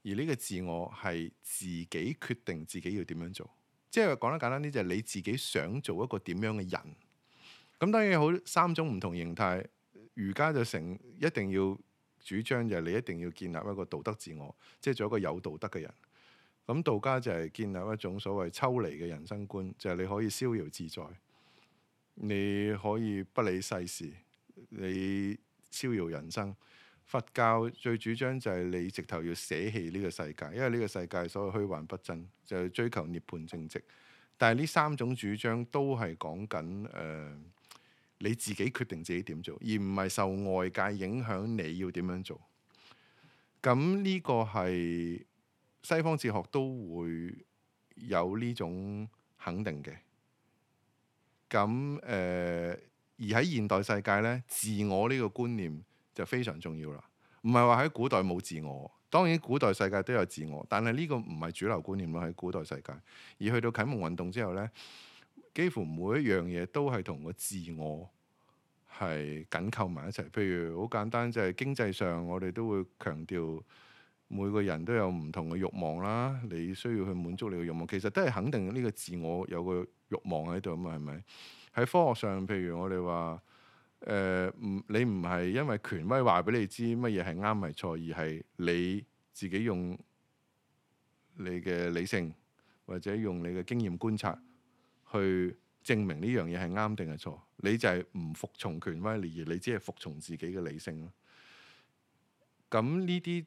而呢個自我係自己決定自己要點樣做，即係講得簡單啲就係你自己想做一個點樣嘅人。咁當然好三種唔同形態，儒家就成一定要主張就係你一定要建立一個道德自我，即係做一個有道德嘅人。咁道家就係建立一種所謂抽離嘅人生觀，就係你可以逍遙自在，你可以不理世事，你逍遙人生。佛教最主張就係你直頭要捨棄呢個世界，因為呢個世界所謂虛幻不真，就係、追求涅槃正直。但係呢三種主張都係講緊誒你自己決定自己點做，而唔係受外界影響你要點樣做。咁、嗯、呢、呢個係西方哲學都會有呢種肯定嘅。咁、嗯、誒、呃、而喺現代世界呢，自我呢個觀念，就非常重要啦，唔係話喺古代冇自我，當然古代世界都有自我，但係呢個唔係主流觀念咯，喺古代世界，而去到啟蒙運動之後咧，幾乎每一樣嘢都係同個自我係緊扣埋一齊，譬如好簡單就係經濟上，我哋都會強調每個人都有唔同嘅慾望啦，你需要去滿足你嘅慾望，其實都係肯定呢個自我有個慾望喺度啊嘛，係咪？喺科學上，譬如我哋話。誒唔、呃、你唔係因為權威話俾你知乜嘢係啱，係錯，而係你自己用你嘅理性或者用你嘅經驗觀察去證明呢樣嘢係啱定係錯。你就係唔服從權威嚟，而你只係服從自己嘅理性咯。咁呢啲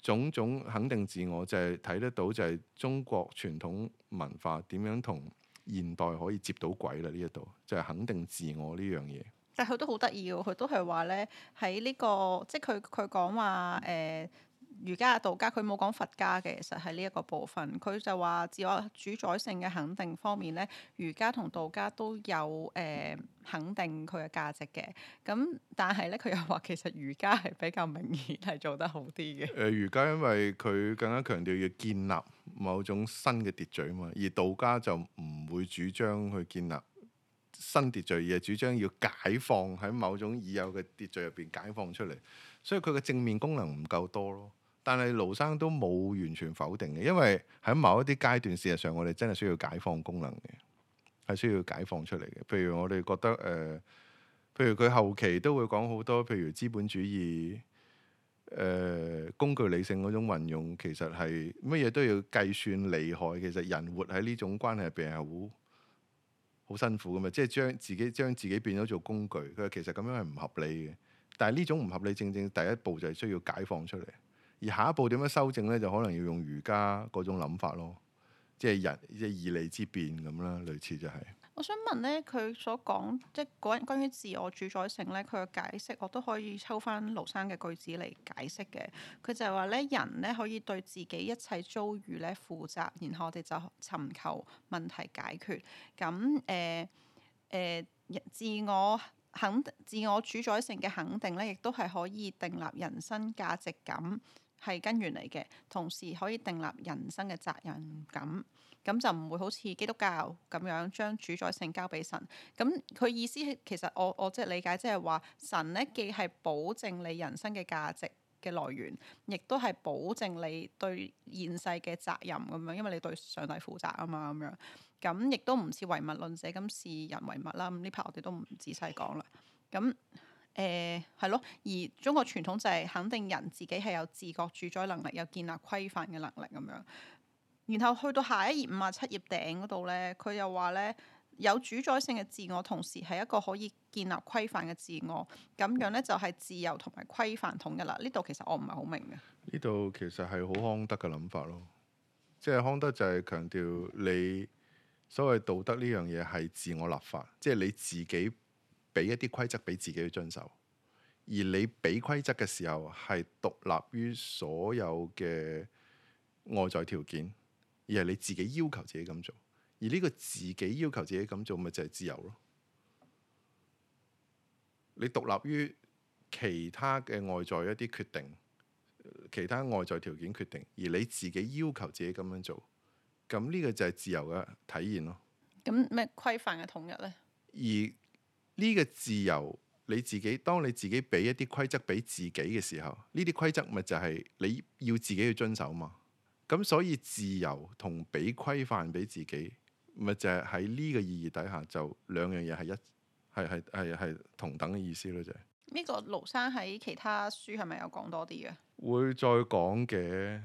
種種肯定自我就係睇得到，就係中國傳統文化點樣同現代可以接到軌啦。呢一度就係、是、肯定自我呢樣嘢。但係佢都好得意喎，佢都係話咧喺呢個，即係佢佢講話誒，儒家道家，佢冇講佛家嘅，其實係呢一個部分。佢就話自我主宰性嘅肯定方面咧，儒家同道家都有誒、呃、肯定佢嘅價值嘅。咁但係咧，佢又話其實儒家係比較明顯係做得好啲嘅。誒，儒家因為佢更加強調要建立某種新嘅秩序啊嘛，而道家就唔會主張去建立。新秩序嘢，主張要解放，喺某種已有嘅秩序入邊解放出嚟，所以佢嘅正面功能唔夠多咯。但係勞生都冇完全否定嘅，因為喺某一啲階段，事實上我哋真係需要解放功能嘅，係需要解放出嚟嘅。譬如我哋覺得誒、呃，譬如佢後期都會講好多，譬如資本主義誒、呃、工具理性嗰種運用，其實係乜嘢都要計算利害，其實人活喺呢種關係入邊係好。好辛苦噶嘛，即係將自己將自己變咗做工具。佢話其實咁樣係唔合理嘅，但係呢種唔合理正正第一步就係需要解放出嚟，而下一步點樣修正咧，就可能要用儒家嗰種諗法咯，即係人即係義理之變咁啦，類似就係、是。我想問咧，佢所講即係講關於自我主宰性咧，佢嘅解釋我都可以抽翻勞生嘅句子嚟解釋嘅。佢就係話咧，人咧可以對自己一切遭遇咧負責，然後我哋就尋求問題解決。咁誒誒，自我肯定自我主宰性嘅肯定咧，亦都係可以訂立人生價值感係根源嚟嘅，同時可以訂立人生嘅責任感。咁就唔會好似基督教咁樣將主宰性交俾神。咁佢意思其實我我即係理解，即係話神咧既係保證你人生嘅價值嘅來源，亦都係保證你對現世嘅責任咁樣，因為你對上帝負責啊嘛咁樣。咁亦都唔似唯物論者咁視人為物啦。咁呢排我哋都唔仔細講啦。咁誒係咯，而中國傳統就係肯定人自己係有自覺主宰能力，有建立規範嘅能力咁樣。然後去到下一頁，五啊七頁頂嗰度呢，佢又話呢，有主宰性嘅自我，同時係一個可以建立規範嘅自我，咁樣呢，就係自由同埋規範統一啦。呢度其實我唔係好明嘅。呢度其實係好康德嘅諗法咯，即係康德就係強調你所謂道德呢樣嘢係自我立法，即係你自己俾一啲規則俾自己要遵守，而你俾規則嘅時候係獨立於所有嘅外在條件。而係你自己要求自己咁做，而呢個自己要求自己咁做，咪就係自由咯。你獨立於其他嘅外在一啲決定，其他外在條件決定，而你自己要求自己咁樣做，咁呢個就係自由嘅體現咯。咁咩規範嘅統一呢？而呢個自由，你自己當你自己俾一啲規則俾自己嘅時候，呢啲規則咪就係你要自己去遵守嘛。咁所以自由同俾規範俾自己，咪就係喺呢個意義底下，就兩樣嘢係一係係係係同等嘅意思咯，就係、是。呢個勞生喺其他書係咪有講多啲嘅？會再講嘅，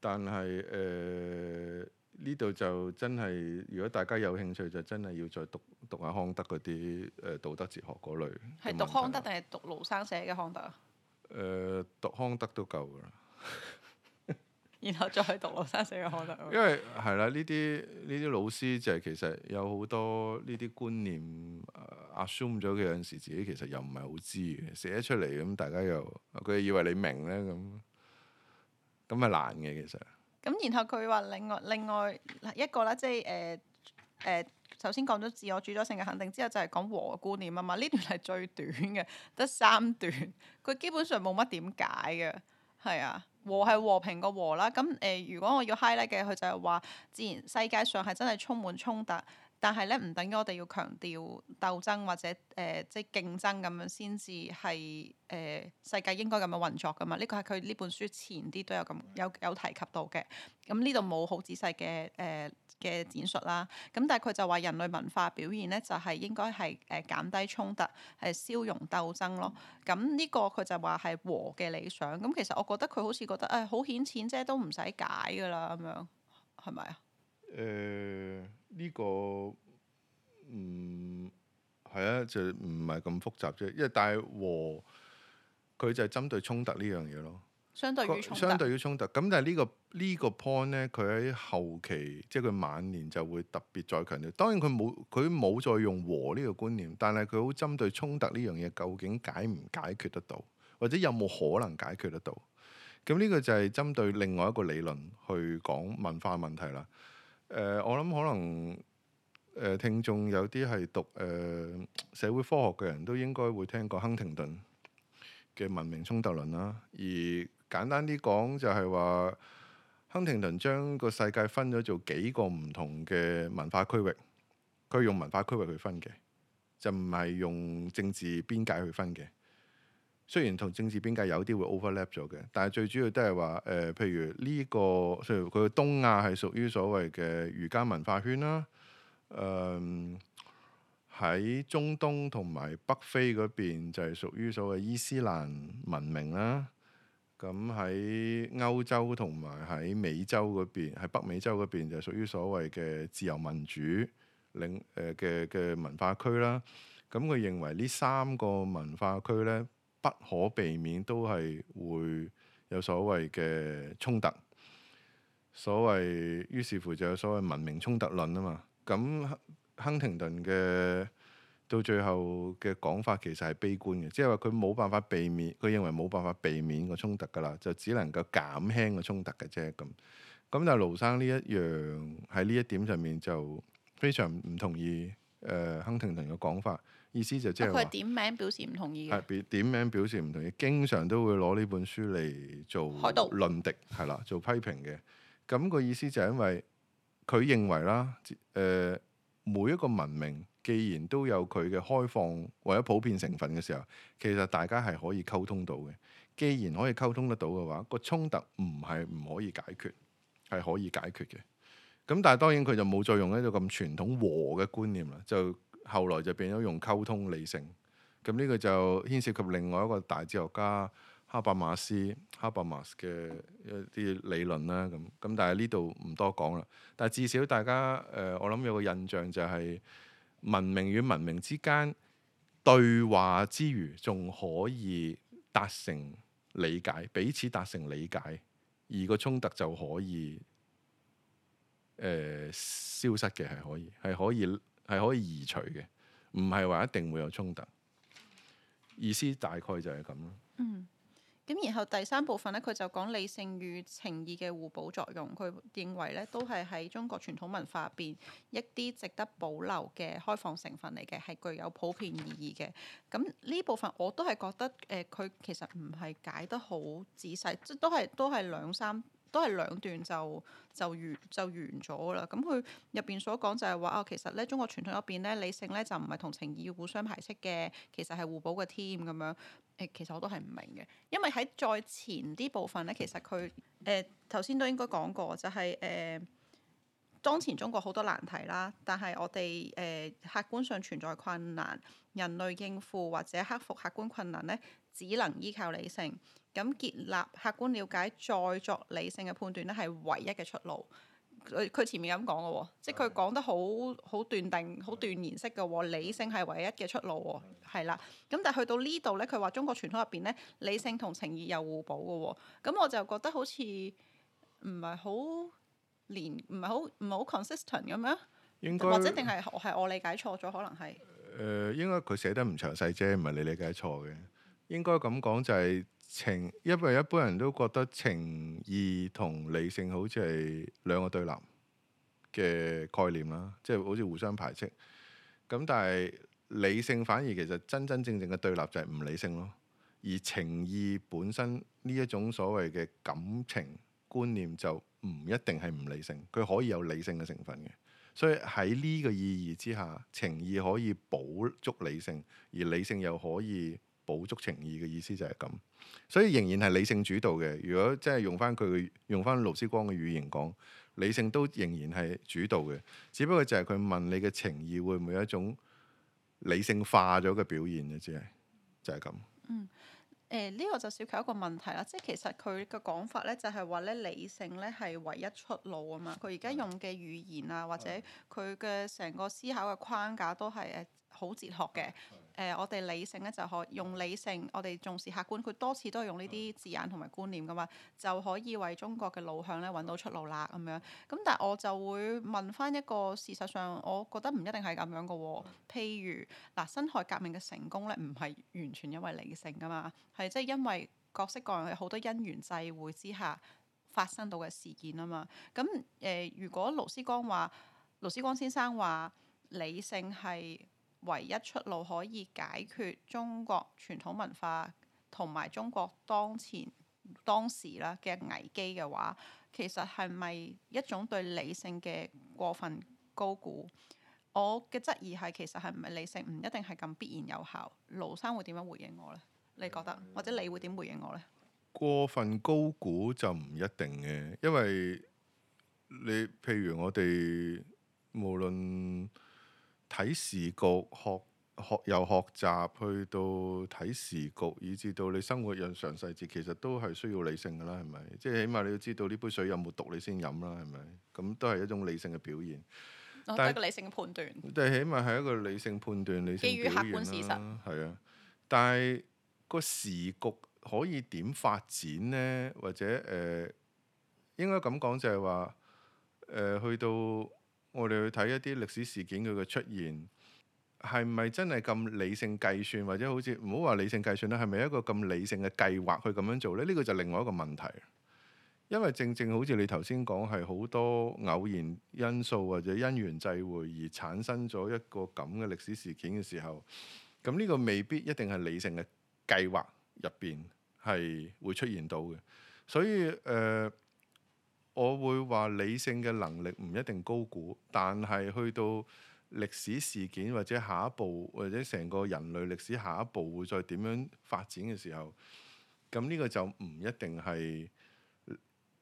但係誒呢度就真係，如果大家有興趣就真係要再讀讀下康德嗰啲誒道德哲學嗰類。係讀康德定係讀勞生寫嘅康德？誒、呃，讀康德都夠噶啦。 然後再讀勞生寫嘅可能，因為係啦，呢啲呢啲老師就係其實有好多呢啲觀念、呃、assume 咗佢有陣時自己其實又唔係好知嘅，寫出嚟咁大家又佢以為你明咧咁，咁係難嘅其實。咁然後佢話另外另外一個啦，即係誒誒，首先講咗自我主宰性嘅肯定之後，就係講和嘅觀念啊嘛。呢段係最短嘅，得三段，佢基本上冇乜點解嘅，係啊。和係和平個和啦，咁誒、呃、如果我要 highlight 嘅，佢就係話，自然世界上係真係充滿衝突，但係咧唔等於我哋要強調鬥爭或者誒、呃、即係競爭咁樣先至係誒世界應該咁樣運作噶嘛？呢、呢個係佢呢本書前啲都有咁有有提及到嘅，咁呢度冇好仔細嘅誒。呃嘅演述啦，咁但係佢就話人類文化表現呢，就係、是、應該係誒減低衝突，係消融鬥爭咯。咁呢個佢就話係和嘅理想。咁其實我覺得佢好似覺得誒好、哎、顯淺啫，都唔使解噶啦咁樣，係咪啊？誒呢、呃呢個唔係、嗯、啊，就唔係咁複雜啫。因為但係和佢就係針對衝突呢樣嘢咯。相對，相對於衝突，相對於衝突，咁但係呢個呢個 point 呢，佢喺後期，即係佢晚年就會特別再強調。當然佢冇佢冇再用和呢個觀念，但係佢好針對衝突呢樣嘢，究竟解唔解決得到，或者有冇可能解決得到？咁呢個就係針對另外一個理論去講文化問題啦。誒、呃，我諗可能誒、呃、聽眾有啲係讀誒、呃、社會科學嘅人都應該會聽過亨廷頓嘅文明衝突論啦，而簡單啲講，就係話亨廷頓將個世界分咗做幾個唔同嘅文化區域。佢用文化區域去分嘅，就唔係用政治邊界去分嘅。雖然同政治邊界有啲會 overlap 咗嘅，但係最主要都係話誒，譬如呢個譬如佢東亞係屬於所謂嘅儒家文化圈啦。誒喺中東同埋北非嗰邊就係屬於所謂伊斯蘭文明啦。咁喺歐洲同埋喺美洲嗰邊，喺北美洲嗰邊就屬於所謂嘅自由民主領誒嘅嘅文化區啦。咁佢認為呢三個文化區咧，不可避免都係會有所謂嘅衝突。所謂於是乎就有所謂文明衝突論啊嘛。咁亨廷頓嘅到最後嘅講法其實係悲觀嘅，即係話佢冇辦法避免，佢認為冇辦法避免個衝突㗎啦，就只能夠減輕個衝突嘅啫咁。咁但係勞生呢一樣喺呢一點上面就非常唔同意誒、呃、亨廷頓嘅講法，意思就即係佢係點名表示唔同意嘅，係點名表示唔同意，經常都會攞呢本書嚟做論敵係啦，做批評嘅。咁、那個意思就係因為佢認為啦誒。呃每一個文明既然都有佢嘅開放或者普遍成分嘅時候，其實大家係可以溝通到嘅。既然可以溝通得到嘅話，個衝突唔係唔可以解決，係可以解決嘅。咁但係當然佢就冇再用一種咁傳統和嘅觀念啦，就後來就變咗用溝通理性。咁呢個就牽涉及另外一個大哲學家。哈伯馬斯、哈伯馬斯嘅一啲理論啦，咁咁，但係呢度唔多講啦。但係至少大家誒、呃，我諗有個印象就係、是、文明與文明之間對話之餘，仲可以達成理解，彼此達成理解而個衝突就可以誒、呃、消失嘅，係可以係可以係可以移除嘅，唔係話一定會有衝突。意思大概就係咁咯。嗯。咁然後第三部分咧，佢就講理性與情意嘅互補作用。佢認為咧，都係喺中國傳統文化入邊一啲值得保留嘅開放成分嚟嘅，係具有普遍意義嘅。咁呢部分我都係覺得誒，佢、呃、其實唔係解得好仔細，即都係都係兩三。都係兩段就就完就完咗啦。咁佢入邊所講就係話啊，其實咧中國傳統入邊咧理性咧就唔係同情義互相排斥嘅，其實係互補嘅添咁樣。誒、欸，其實我都係唔明嘅，因為喺再前啲部分咧，其實佢誒頭先都應該講過，就係、是、誒、呃、當前中國好多難題啦，但係我哋誒、呃、客觀上存在困難，人類應付或者克服客觀困難咧，只能依靠理性。咁建立，客觀了解，再作理性嘅判斷咧，係唯一嘅出路。佢前面咁講嘅喎，即係佢講得好好斷定、好斷言式嘅喎，理性係唯一嘅出路喎，係啦。咁但係去到呢度咧，佢話中國傳統入邊咧，理性同情義又互補嘅喎。咁我就覺得好似唔係好連，唔係好唔係好 consistent 咁樣，應該或者定係係我理解錯咗，可能係。誒、呃，應該佢寫得唔詳細啫，唔係你理解錯嘅。應該咁講就係情，因為一般人都覺得情意同理性好似係兩個對立嘅概念啦，即係好似互相排斥。咁但係理性反而其實真真正正嘅對立就係唔理性咯。而情意本身呢一種所謂嘅感情觀念就唔一定係唔理性，佢可以有理性嘅成分嘅。所以喺呢個意義之下，情意可以補足理性，而理性又可以補足情意嘅意思就係咁，所以仍然係理性主導嘅。如果即係用翻佢用翻勞思光嘅語言講，理性都仍然係主導嘅，只不過就係佢問你嘅情意會唔會有一種理性化咗嘅表現嘅，只係就係、是、咁。嗯，誒、呃、呢、呢個就涉及一個問題啦，即係其實佢嘅講法咧就係話咧理性咧係唯一出路啊嘛。佢而家用嘅語言啊，或者佢嘅成個思考嘅框架都係誒好哲學嘅。誒、呃，我哋理性咧就可用理性，我哋重視客觀。佢多次都係用呢啲字眼同埋觀念噶嘛，就可以為中國嘅路向咧揾到出路啦咁樣。咁但係我就會問翻一個事實上，我覺得唔一定係咁樣噶喎、哦。譬如嗱、呃，辛亥革命嘅成功咧，唔係完全因為理性噶嘛，係即係因為各式各樣嘅好多因緣際會之下發生到嘅事件啊嘛。咁誒、呃，如果勞思光話，勞思光先生話理性係。唯一出路可以解決中國傳統文化同埋中國當前當時啦嘅危機嘅話，其實係咪一種對理性嘅過分高估？我嘅質疑係其實係唔係理性唔一定係咁必然有效？勞先生會點樣回應我呢？你覺得或者你會點回應我呢？過分高估就唔一定嘅，因為你譬如我哋無論。睇時局，學學由學習去到睇時局，以至到你生活日常細節，其實都係需要理性噶啦，係咪？即係起碼你要知道呢杯水有冇毒你先飲啦，係咪？咁都係一種理性嘅表現，但係一個理性嘅但判斷。即係起碼係一個理性判斷，理性表現啦。基於客觀事實，係啊。但係個時局可以點發展呢？或者誒、呃，應該咁講就係話誒，去到。我哋去睇一啲歷史事件佢嘅出現，係咪真係咁理性計算，或者好似唔好話理性計算啦？係咪一個咁理性嘅計劃去咁樣做呢？呢個就另外一個問題，因為正正好似你頭先講係好多偶然因素或者因緣際會而產生咗一個咁嘅歷史事件嘅時候，咁呢個未必一定係理性嘅計劃入邊係會出現到嘅，所以誒。我會話理性嘅能力唔一定高估，但係去到歷史事件或者下一步或者成個人類歷史下一步會再點樣發展嘅時候，咁呢個就唔一定係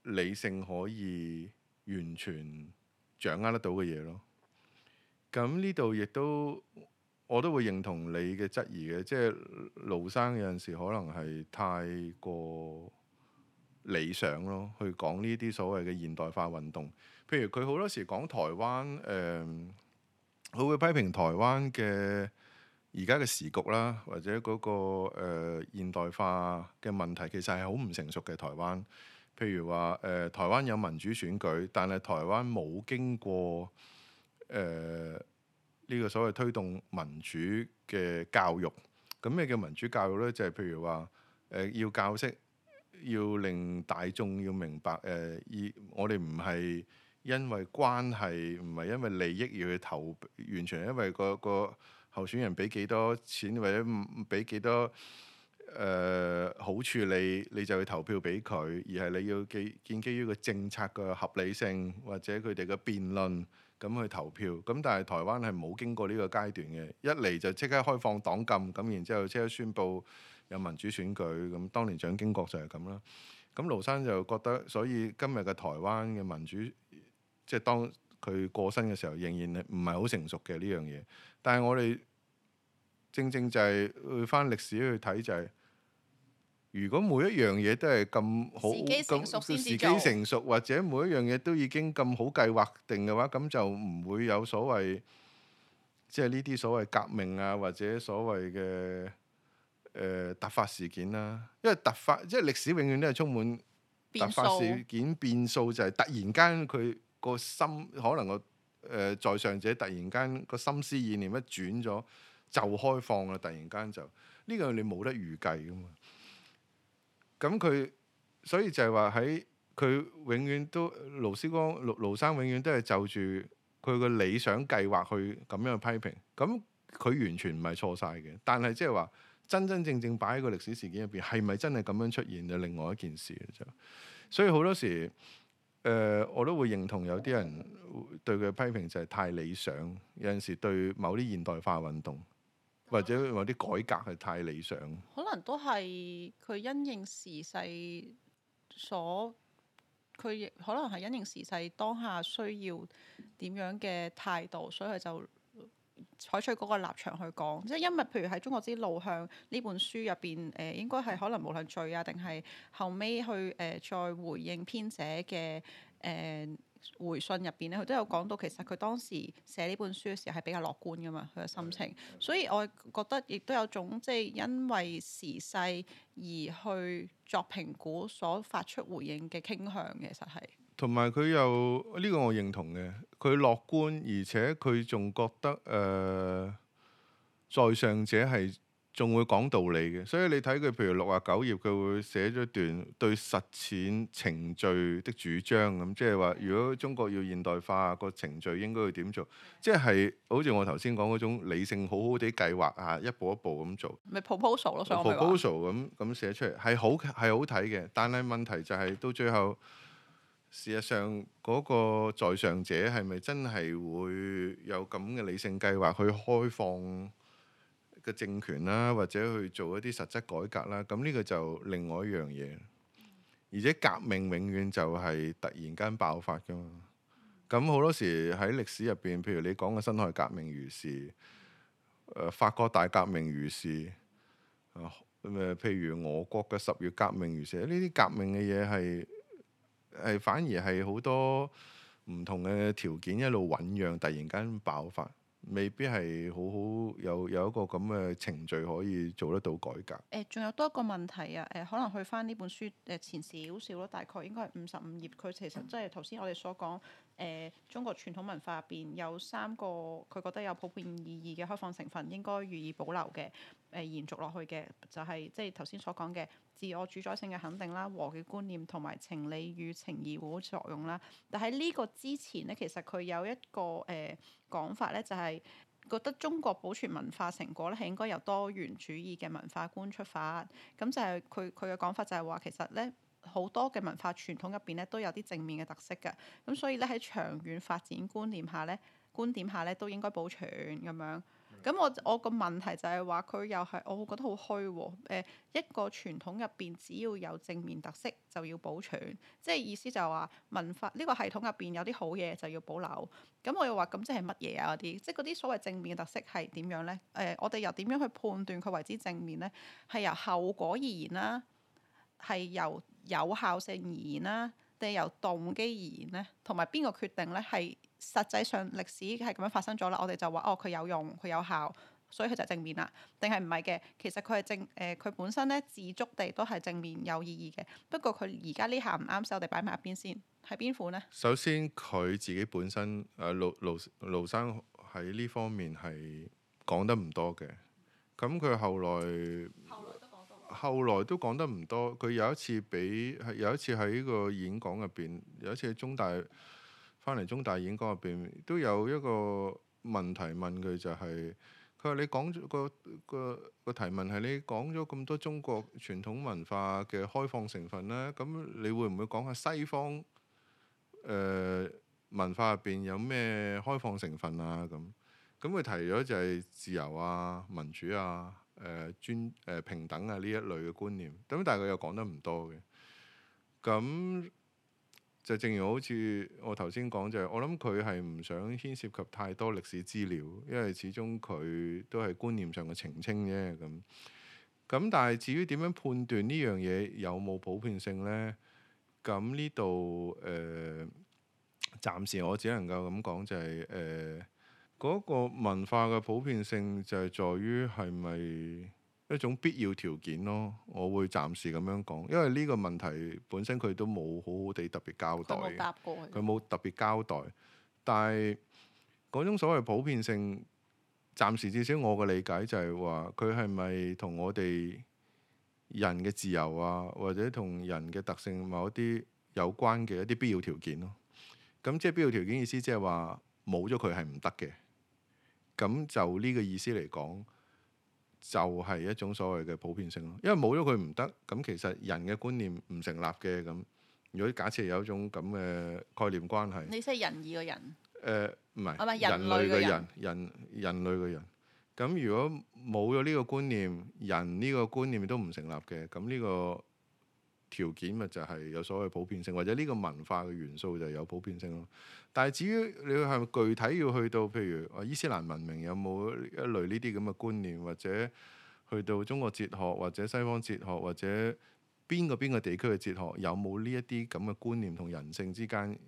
理性可以完全掌握得到嘅嘢咯。咁呢度亦都我都會認同你嘅質疑嘅，即係勞生有陣時可能係太過。理想咯，去講呢啲所謂嘅現代化運動，譬如佢好多時講台灣誒，佢、呃、會批評台灣嘅而家嘅時局啦，或者嗰、那個誒、呃、現代化嘅問題其實係好唔成熟嘅台灣。譬如話誒、呃、台灣有民主選舉，但係台灣冇經過誒呢、呃這個所謂推動民主嘅教育。咁咩叫民主教育咧？就係、是、譬如話誒、呃、要教識。要令大眾要明白，誒、呃，我哋唔係因為關係，唔係因為利益而去投，完全因為、嗰個、嗰個候選人俾幾多錢或者唔俾幾多誒、呃、好處你，你就去投票俾佢，而係你要基建基於個政策嘅合理性或者佢哋嘅辯論咁去投票。咁但係台灣係冇經過呢個階段嘅，一嚟就即刻開放黨禁，咁然之後即刻宣布。有民主選舉咁，當年蔣經國就係咁啦。咁勞生就覺得，所以今日嘅台灣嘅民主，即係當佢過身嘅時候，仍然係唔係好成熟嘅呢樣嘢。但係我哋正正就係去翻歷史去睇，就係如果每一樣嘢都係咁好，咁自己成熟或者每一樣嘢都已經咁好計劃定嘅話，咁就唔會有所謂即係呢啲所謂革命啊，或者所謂嘅。誒、呃、突發事件啦，因為突發，即係歷史永遠都係充滿突發事件變數，變數就係突然間佢個心可能、那個誒、呃、在上者突然間個心思意念，念一轉咗，就開放啦。突然間就呢、這個你冇得預計噶嘛。咁佢所以就係話喺佢永遠都勞思光勞，勞生永遠都係就住佢個理想計劃去咁樣去批評，咁佢完全唔係錯晒嘅，但係即係話。真真正正擺喺個歷史事件入邊，係咪真係咁樣出現就另外一件事嘅啫。所以好多時，誒、呃，我都會認同有啲人對佢批評就係太理想。有陣時對某啲現代化運動或者某啲改革係太理想。可能都係佢因應時勢所，佢亦可能係因應時勢當下需要點樣嘅態度，所以佢就。採取嗰個立場去講，即係因為譬如喺中國之路向呢本書入邊，誒、呃、應該係可能無論序啊，定係後尾去誒、呃、再回應編者嘅誒、呃、回信入邊咧，佢都有講到其實佢當時寫呢本書嘅時候係比較樂觀噶嘛，佢嘅心情，所以我覺得亦都有種即係因為時勢而去作評估所發出回應嘅傾向，其實係。同埋佢又呢個我認同嘅，佢樂觀，而且佢仲覺得誒、呃、在上者係仲會講道理嘅。所以你睇佢譬如六啊九頁，佢會寫咗一段對實踐程序的主張，咁，即係話如果中國要現代化，個程序應該要點做？即係好似我頭先講嗰種理性好好地計劃啊，一步一步咁做。咪 proposal 咯，proposal 咁咁寫出嚟係好係好睇嘅，但係問題就係、是、到最後。事實上，嗰、那個在上者係咪真係會有咁嘅理性計劃去開放嘅政權啦、啊，或者去做一啲實質改革啦、啊？咁呢個就另外一樣嘢。而且革命永遠就係突然間爆發㗎嘛。咁好多時喺歷史入邊，譬如你講嘅辛亥革命，如是、呃，法國大革命，如是，呃、譬如俄國嘅十月革命，如是，呢啲革命嘅嘢係。係反而係好多唔同嘅條件一路醖釀，突然間爆發，未必係好好有有一個咁嘅程序可以做得到改革。誒，仲有多一個問題啊！誒，可能去返呢本書誒前少少咯，大概應該係五十五頁。佢其實即係頭先我哋所講。嗯誒、呃、中國傳統文化入邊有三個，佢覺得有普遍意義嘅開放成分應該予以保留嘅，誒、呃、延續落去嘅，就係即係頭先所講嘅自我主宰性嘅肯定啦、和諧觀念同埋情理與情義互動作用啦。但喺呢個之前呢，其實佢有一個誒、呃、講法呢，就係、是、覺得中國保存文化成果呢，係應該由多元主義嘅文化觀出發。咁就係佢佢嘅講法就係話，其實呢。好多嘅文化傳統入邊咧都有啲正面嘅特色嘅，咁所以咧喺長遠發展觀念下咧，觀點下咧都應該保存。咁樣，咁我我個問題就係話，佢又係我覺得好虛喎。誒、呃、一個傳統入邊，只要有正面特色就要保存，即係意思就係話文化呢個系統入邊有啲好嘢就要保留。咁我又話，咁即係乜嘢啊？嗰啲即係嗰啲所謂正面嘅特色係點樣咧？誒、呃，我哋又點樣去判斷佢為之正面咧？係由後果而言啦、啊，係由有效性而言啦，定係由動機而言咧，同埋邊個決定咧，係實際上歷史係咁樣發生咗啦，我哋就話，哦，佢有用，佢有效，所以佢就正面啦，定係唔係嘅？其實佢係正誒，佢、呃、本身咧自足地都係正面有意義嘅。不過佢而家呢下唔啱手，所以我哋擺埋一邊先，係邊款咧？首先佢自己本身誒、啊、勞勞勞生喺呢方面係講得唔多嘅，咁佢後來。後來後來都講得唔多，佢有一次俾係有一次喺個演講入邊，有一次喺中大翻嚟中大演講入邊，都有一個問題問佢就係、係，佢話你講、嗰個個個提問係你講咗咁多中國傳統文化嘅開放成分咧，咁你會唔會講下西方誒、呃、文化入邊有咩開放成分啊？咁咁佢提咗就係自由啊、民主啊。誒尊誒平等啊呢一類嘅觀念，咁但係佢又講得唔多嘅，咁就正如好似我頭先講就係、是，我諗佢係唔想牽涉及太多歷史資料，因為始終佢都係觀念上嘅澄清啫咁。咁但係至於點樣判斷呢樣嘢有冇普遍性呢？咁呢度誒，暫時我只能夠咁講就係、是、誒。呃嗰個文化嘅普遍性就係在於係咪一種必要條件咯？我會暫時咁樣講，因為呢個問題本身佢都冇好好地特別交代，佢冇特別交代。但係嗰種所謂普遍性，暫時至少我嘅理解就係話，佢係咪同我哋人嘅自由啊，或者同人嘅特性某一啲有關嘅一啲必要條件咯、啊？咁即係必要條件意思即係話冇咗佢係唔得嘅。咁就呢個意思嚟講，就係一種所謂嘅普遍性咯。因為冇咗佢唔得，咁其實人嘅觀念唔成立嘅。咁如果假設有一種咁嘅概念關係，你即係仁義嘅人，誒唔係，人類嘅人人人類嘅人？咁如果冇咗呢個觀念，人呢個觀念都唔成立嘅。咁呢個條件咪就係有所謂普遍性，或者呢個文化嘅元素就有普遍性咯。但係至於你係咪具體要去到，譬如，啊，伊斯蘭文明有冇一類呢啲咁嘅觀念，或者去到中國哲學，或者西方哲學，或者邊個邊個地區嘅哲學有冇呢一啲咁嘅觀念同人性之間，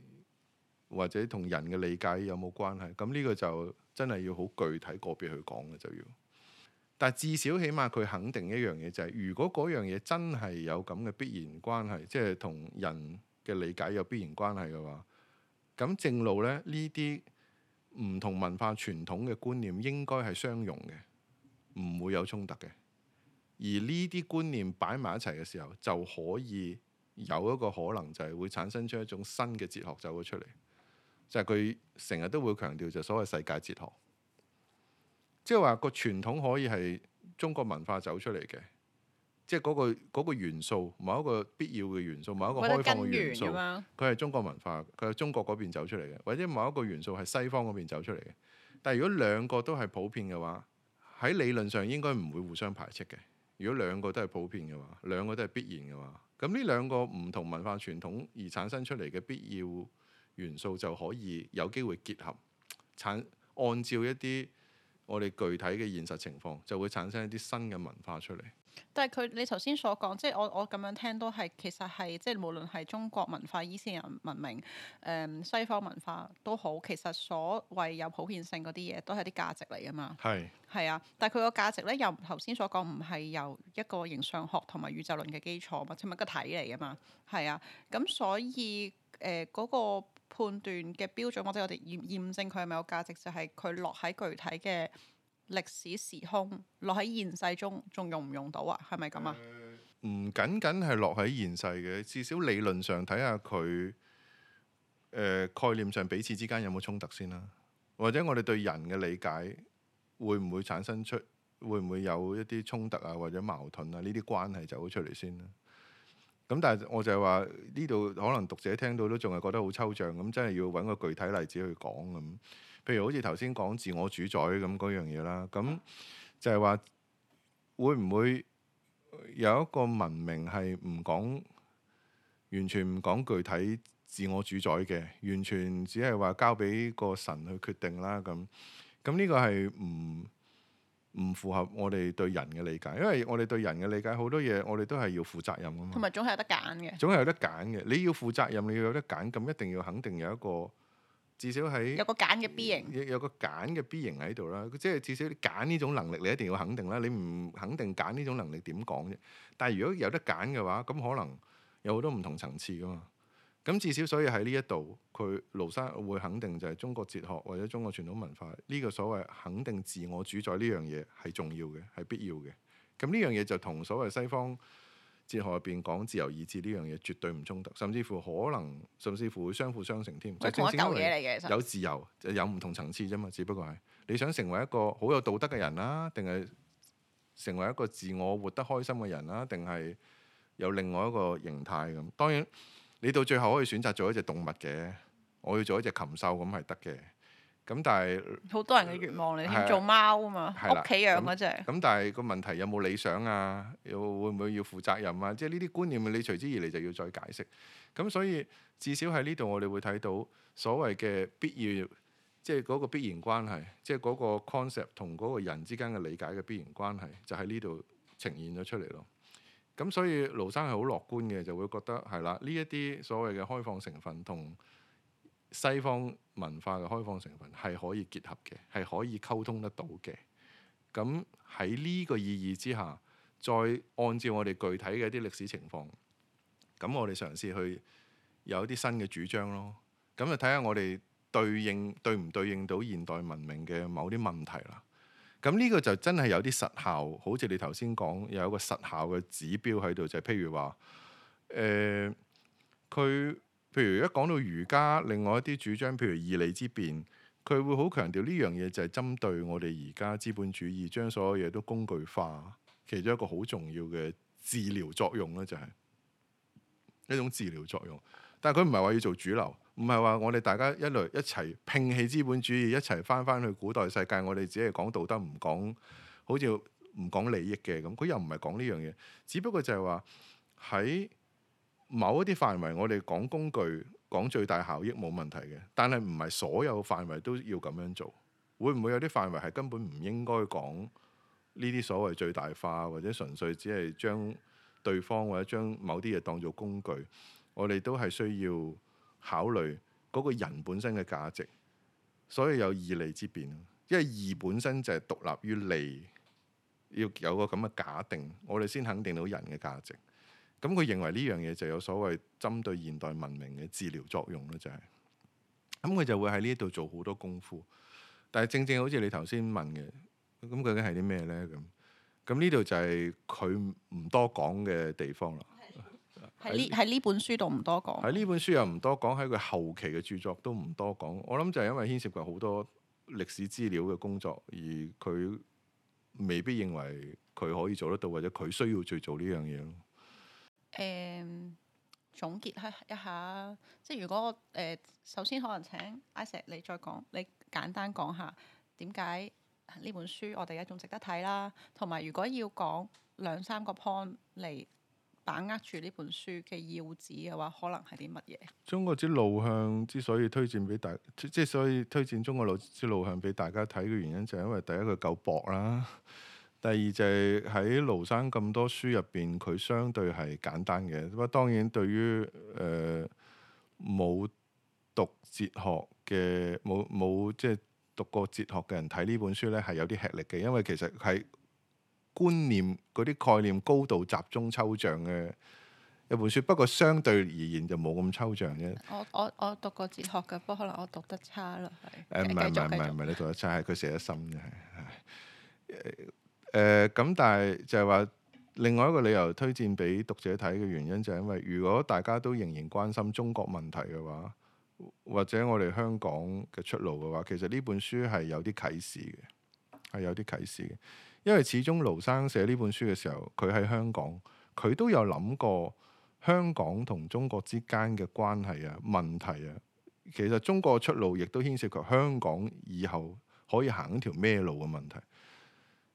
或者同人嘅理解有冇關係？咁呢個就真係要好具體個別去講嘅就要。但至少起碼佢肯定一樣嘢就係，如果嗰樣嘢真係有咁嘅必然關係，即係同人嘅理解有必然關係嘅話，咁正路咧，呢啲唔同文化傳統嘅觀念應該係相容嘅，唔會有衝突嘅。而呢啲觀念擺埋一齊嘅時候，就可以有一個可能就係會產生出一種新嘅哲學走咗出嚟，就係佢成日都會強調就所謂世界哲學。即係話，個傳統可以係中國文化走出嚟嘅，即係嗰個嗰個元素，某一個必要嘅元素，某一個開放嘅元素，佢係中國文化，佢係中國嗰邊走出嚟嘅，或者某一個元素係西方嗰邊走出嚟嘅。但係如果兩個都係普遍嘅話，喺理論上應該唔會互相排斥嘅。如果兩個都係普遍嘅話，兩個都係必然嘅話。咁呢兩個唔同文化傳統而產生出嚟嘅必要元素就可以有機會結合，產按照一啲。我哋具體嘅現實情況就會產生一啲新嘅文化出嚟。但係佢你頭先所講，即係我我咁樣聽都係其實係即係無論係中國文化、伊斯蘭文明、誒、嗯、西方文化都好，其實所謂有普遍性嗰啲嘢都係啲價值嚟㗎嘛。係係是啊，但係佢個價值咧又頭先所講唔係由一個形上學同埋宇宙論嘅基礎嘛，係物個體嚟㗎嘛？係啊，咁所以誒嗰、呃嗰個。判斷嘅標準或者我哋驗驗證佢係咪有價值，就係、是、佢落喺具體嘅歷史時空，落喺現世中仲用唔用到啊？係咪咁啊？唔、呃、僅僅係落喺現世嘅，至少理論上睇下佢誒概念上彼此之間有冇衝突先啦。或者我哋對人嘅理解會唔會產生出會唔會有一啲衝突啊或者矛盾啊呢啲關係走出嚟先啦。咁但係我就係話呢度可能讀者聽到都仲係覺得好抽象，咁真係要揾個具體例子去講咁。譬如好似頭先講自我主宰咁嗰樣嘢啦，咁就係話會唔會有一個文明係唔講完全唔講具體自我主宰嘅，完全只係話交俾個神去決定啦咁。咁呢個係唔？唔符合我哋對人嘅理解，因為我哋對人嘅理解好多嘢，我哋都係要負責任㗎嘛。同埋總係有得揀嘅。總係有得揀嘅，你要負責任，你要有得揀，咁一定要肯定有一個，至少喺有個揀嘅 B 型。有個揀嘅 B 型喺度啦，即係至少揀呢種能力，你一定要肯定啦。你唔肯定揀呢種能力點講啫？但係如果有得揀嘅話，咁可能有好多唔同層次㗎嘛。咁至少，所以喺呢一度，佢勞生會肯定就係中國哲學或者中國傳統文化呢個所謂肯定自我主宰呢樣嘢係重要嘅，係必要嘅。咁呢樣嘢就同所謂西方哲學入邊講自由意志呢樣嘢絕對唔衝突，甚至乎可能甚至乎會相輔相成添。係兩樣嘢有自由就有唔同層次啫嘛。只不過係你想成為一個好有道德嘅人啦，定係成為一個自我活得開心嘅人啦，定係有另外一個形態咁。當然。你到最後可以選擇做一隻動物嘅，我要做一隻禽獸咁係得嘅。咁但係好多人嘅願望你做貓啊嘛，屋企養嗰隻。咁、啊、但係個問題有冇理想啊？有會唔會要負責任啊？即係呢啲觀念，你隨之而嚟就要再解釋。咁所以至少喺呢度，我哋會睇到所謂嘅必要，即係嗰個必然關係，即係嗰個 concept 同嗰個人之間嘅理解嘅必然關係，就喺呢度呈現咗出嚟咯。咁所以勞生係好樂觀嘅，就會覺得係啦。呢一啲所謂嘅開放成分同西方文化嘅開放成分係可以結合嘅，係可以溝通得到嘅。咁喺呢個意義之下，再按照我哋具體嘅一啲歷史情況，咁我哋嘗試去有一啲新嘅主張咯。咁就睇下我哋對應對唔對應到現代文明嘅某啲問題啦。咁呢個就真係有啲實效，好似你頭先講有一個實效嘅指標喺度，就係、是、譬如話，誒、呃、佢譬如一講到儒家，另外一啲主張，譬如義利之辨，佢會好強調呢樣嘢就係針對我哋而家資本主義將所有嘢都工具化，其中一個好重要嘅治療作用咧就係、是、一種治療作用，但係佢唔係話要做主流。唔係話我哋大家一來一齊摒棄資本主義，一齊返返去古代世界。我哋只係講道德，唔講好似唔講利益嘅。咁佢又唔係講呢樣嘢，只不過就係話喺某一啲範圍，我哋講工具講最大效益冇問題嘅。但係唔係所有範圍都要咁樣做？會唔會有啲範圍係根本唔應該講呢啲所謂最大化，或者純粹只係將對方或者將某啲嘢當做工具？我哋都係需要，考慮嗰個人本身嘅價值，所以有義利之辨，因為義本身就係獨立於利，要有個咁嘅假定，我哋先肯定到人嘅價值。咁佢認為呢樣嘢就有所謂針對現代文明嘅治療作用咯、就係，就係咁佢就會喺呢度做好多功夫。但係正正好似你頭先問嘅，咁究竟係啲咩呢？咁咁呢度就係佢唔多講嘅地方啦。喺呢本書度唔多講。喺呢本書又唔多講，喺佢後期嘅著作都唔多講。我諗就係因為牽涉過好多歷史資料嘅工作，而佢未必認為佢可以做得到，或者佢需要去做呢樣嘢咯。誒、嗯，總結一下，即係如果誒、呃，首先可能請 Isaac 你再講，你簡單講下點解呢本書我哋而家仲值得睇啦、啊。同埋如果要講兩三個 point 嚟，把握住呢本書嘅要旨嘅話，可能係啲乜嘢？中國之路向之所以推薦俾大，即係所以推薦中國路之路向俾大家睇嘅原因，就係因為第一，佢夠薄啦，第二就係喺廬山咁多書入邊，佢相對係簡單嘅。不過當然對於誒冇、呃、讀哲學嘅冇冇即係讀過哲學嘅人睇呢本書咧，係有啲吃力嘅，因為其實喺……觀念嗰啲概念高度集中抽象嘅一本書，不過相對而言就冇咁抽象啫。我我我讀過哲學嘅，不過可能我讀得差咯，係。誒唔係唔係唔係唔係，你讀得差係佢寫得深嘅係。誒咁、啊啊啊嗯、但係就係話，另外一個理由推薦俾讀者睇嘅原因就係因為，如果大家都仍然關心中國問題嘅話，或者我哋香港嘅出路嘅話，其實呢本書係有啲啟示嘅，係有啲啟示嘅。因為始終勞生寫呢本書嘅時候，佢喺香港，佢都有諗過香港同中國之間嘅關係啊、問題啊。其實中國嘅出路，亦都牽涉佢香港以後可以行緊條咩路嘅問題。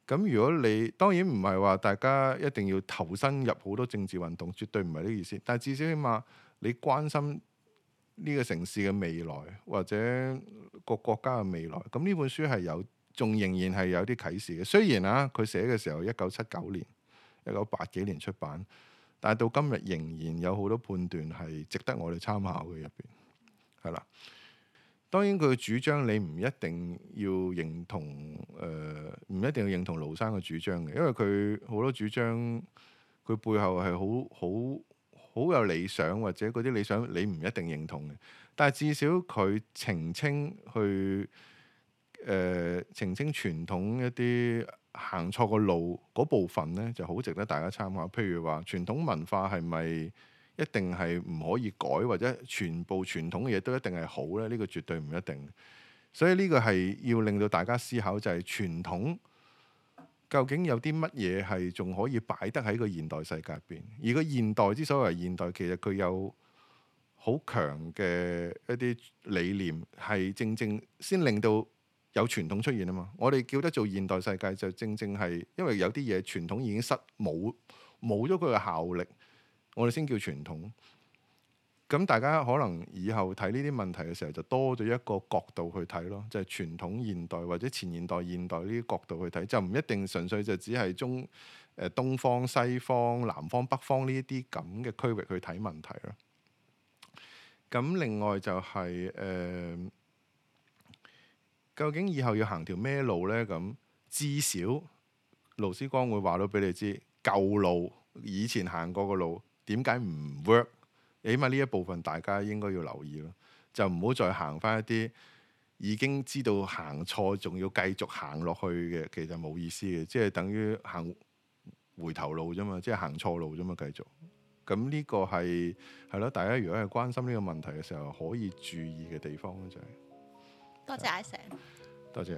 咁如果你當然唔係話大家一定要投身入好多政治運動，絕對唔係呢個意思。但係至少起碼你關心呢個城市嘅未來或者個國家嘅未來。咁呢本書係有。仲仍然係有啲啟示嘅，雖然啊，佢寫嘅時候一九七九年、一九八幾年出版，但係到今日仍然有好多判斷係值得我哋參考嘅入邊係啦。當然佢嘅主張你唔一定要認同，誒、呃，唔一定要認同勞生嘅主張嘅，因為佢好多主張，佢背後係好好好有理想或者嗰啲理想你唔一定認同嘅，但係至少佢澄清去。誒、呃、澄清傳統一啲行錯個路嗰部分呢，就好值得大家參考。譬如話，傳統文化係咪一定係唔可以改，或者全部傳統嘅嘢都一定係好呢？呢、呢個絕對唔一定。所以呢個係要令到大家思考，就係、是、傳統究竟有啲乜嘢係仲可以擺得喺個現代世界入邊？而個現代之所謂現代，其實佢有好強嘅一啲理念，係正正先令到。有傳統出現啊嘛！我哋叫得做現代世界就正正係，因為有啲嘢傳統已經失冇冇咗佢嘅效力，我哋先叫傳統。咁大家可能以後睇呢啲問題嘅時候，就多咗一個角度去睇咯，就係、是、傳統現代或者前現代現代呢啲角度去睇，就唔一定純粹就只係中誒、呃、東方西方南方北方呢一啲咁嘅區域去睇問題咯。咁另外就係、是、誒。呃究竟以後要行條咩路呢？咁至少勞思光會話到俾你知，舊路以前行過嘅路，點解唔 work？起碼呢一部分大家應該要留意咯，就唔好再行翻一啲已經知道行錯，仲要繼續行落去嘅，其實冇意思嘅，即係等於行回頭路啫嘛，即係行錯路啫嘛，繼續。咁呢個係係咯，大家如果係關心呢個問題嘅時候，可以注意嘅地方就係、是。多謝阿成，多謝。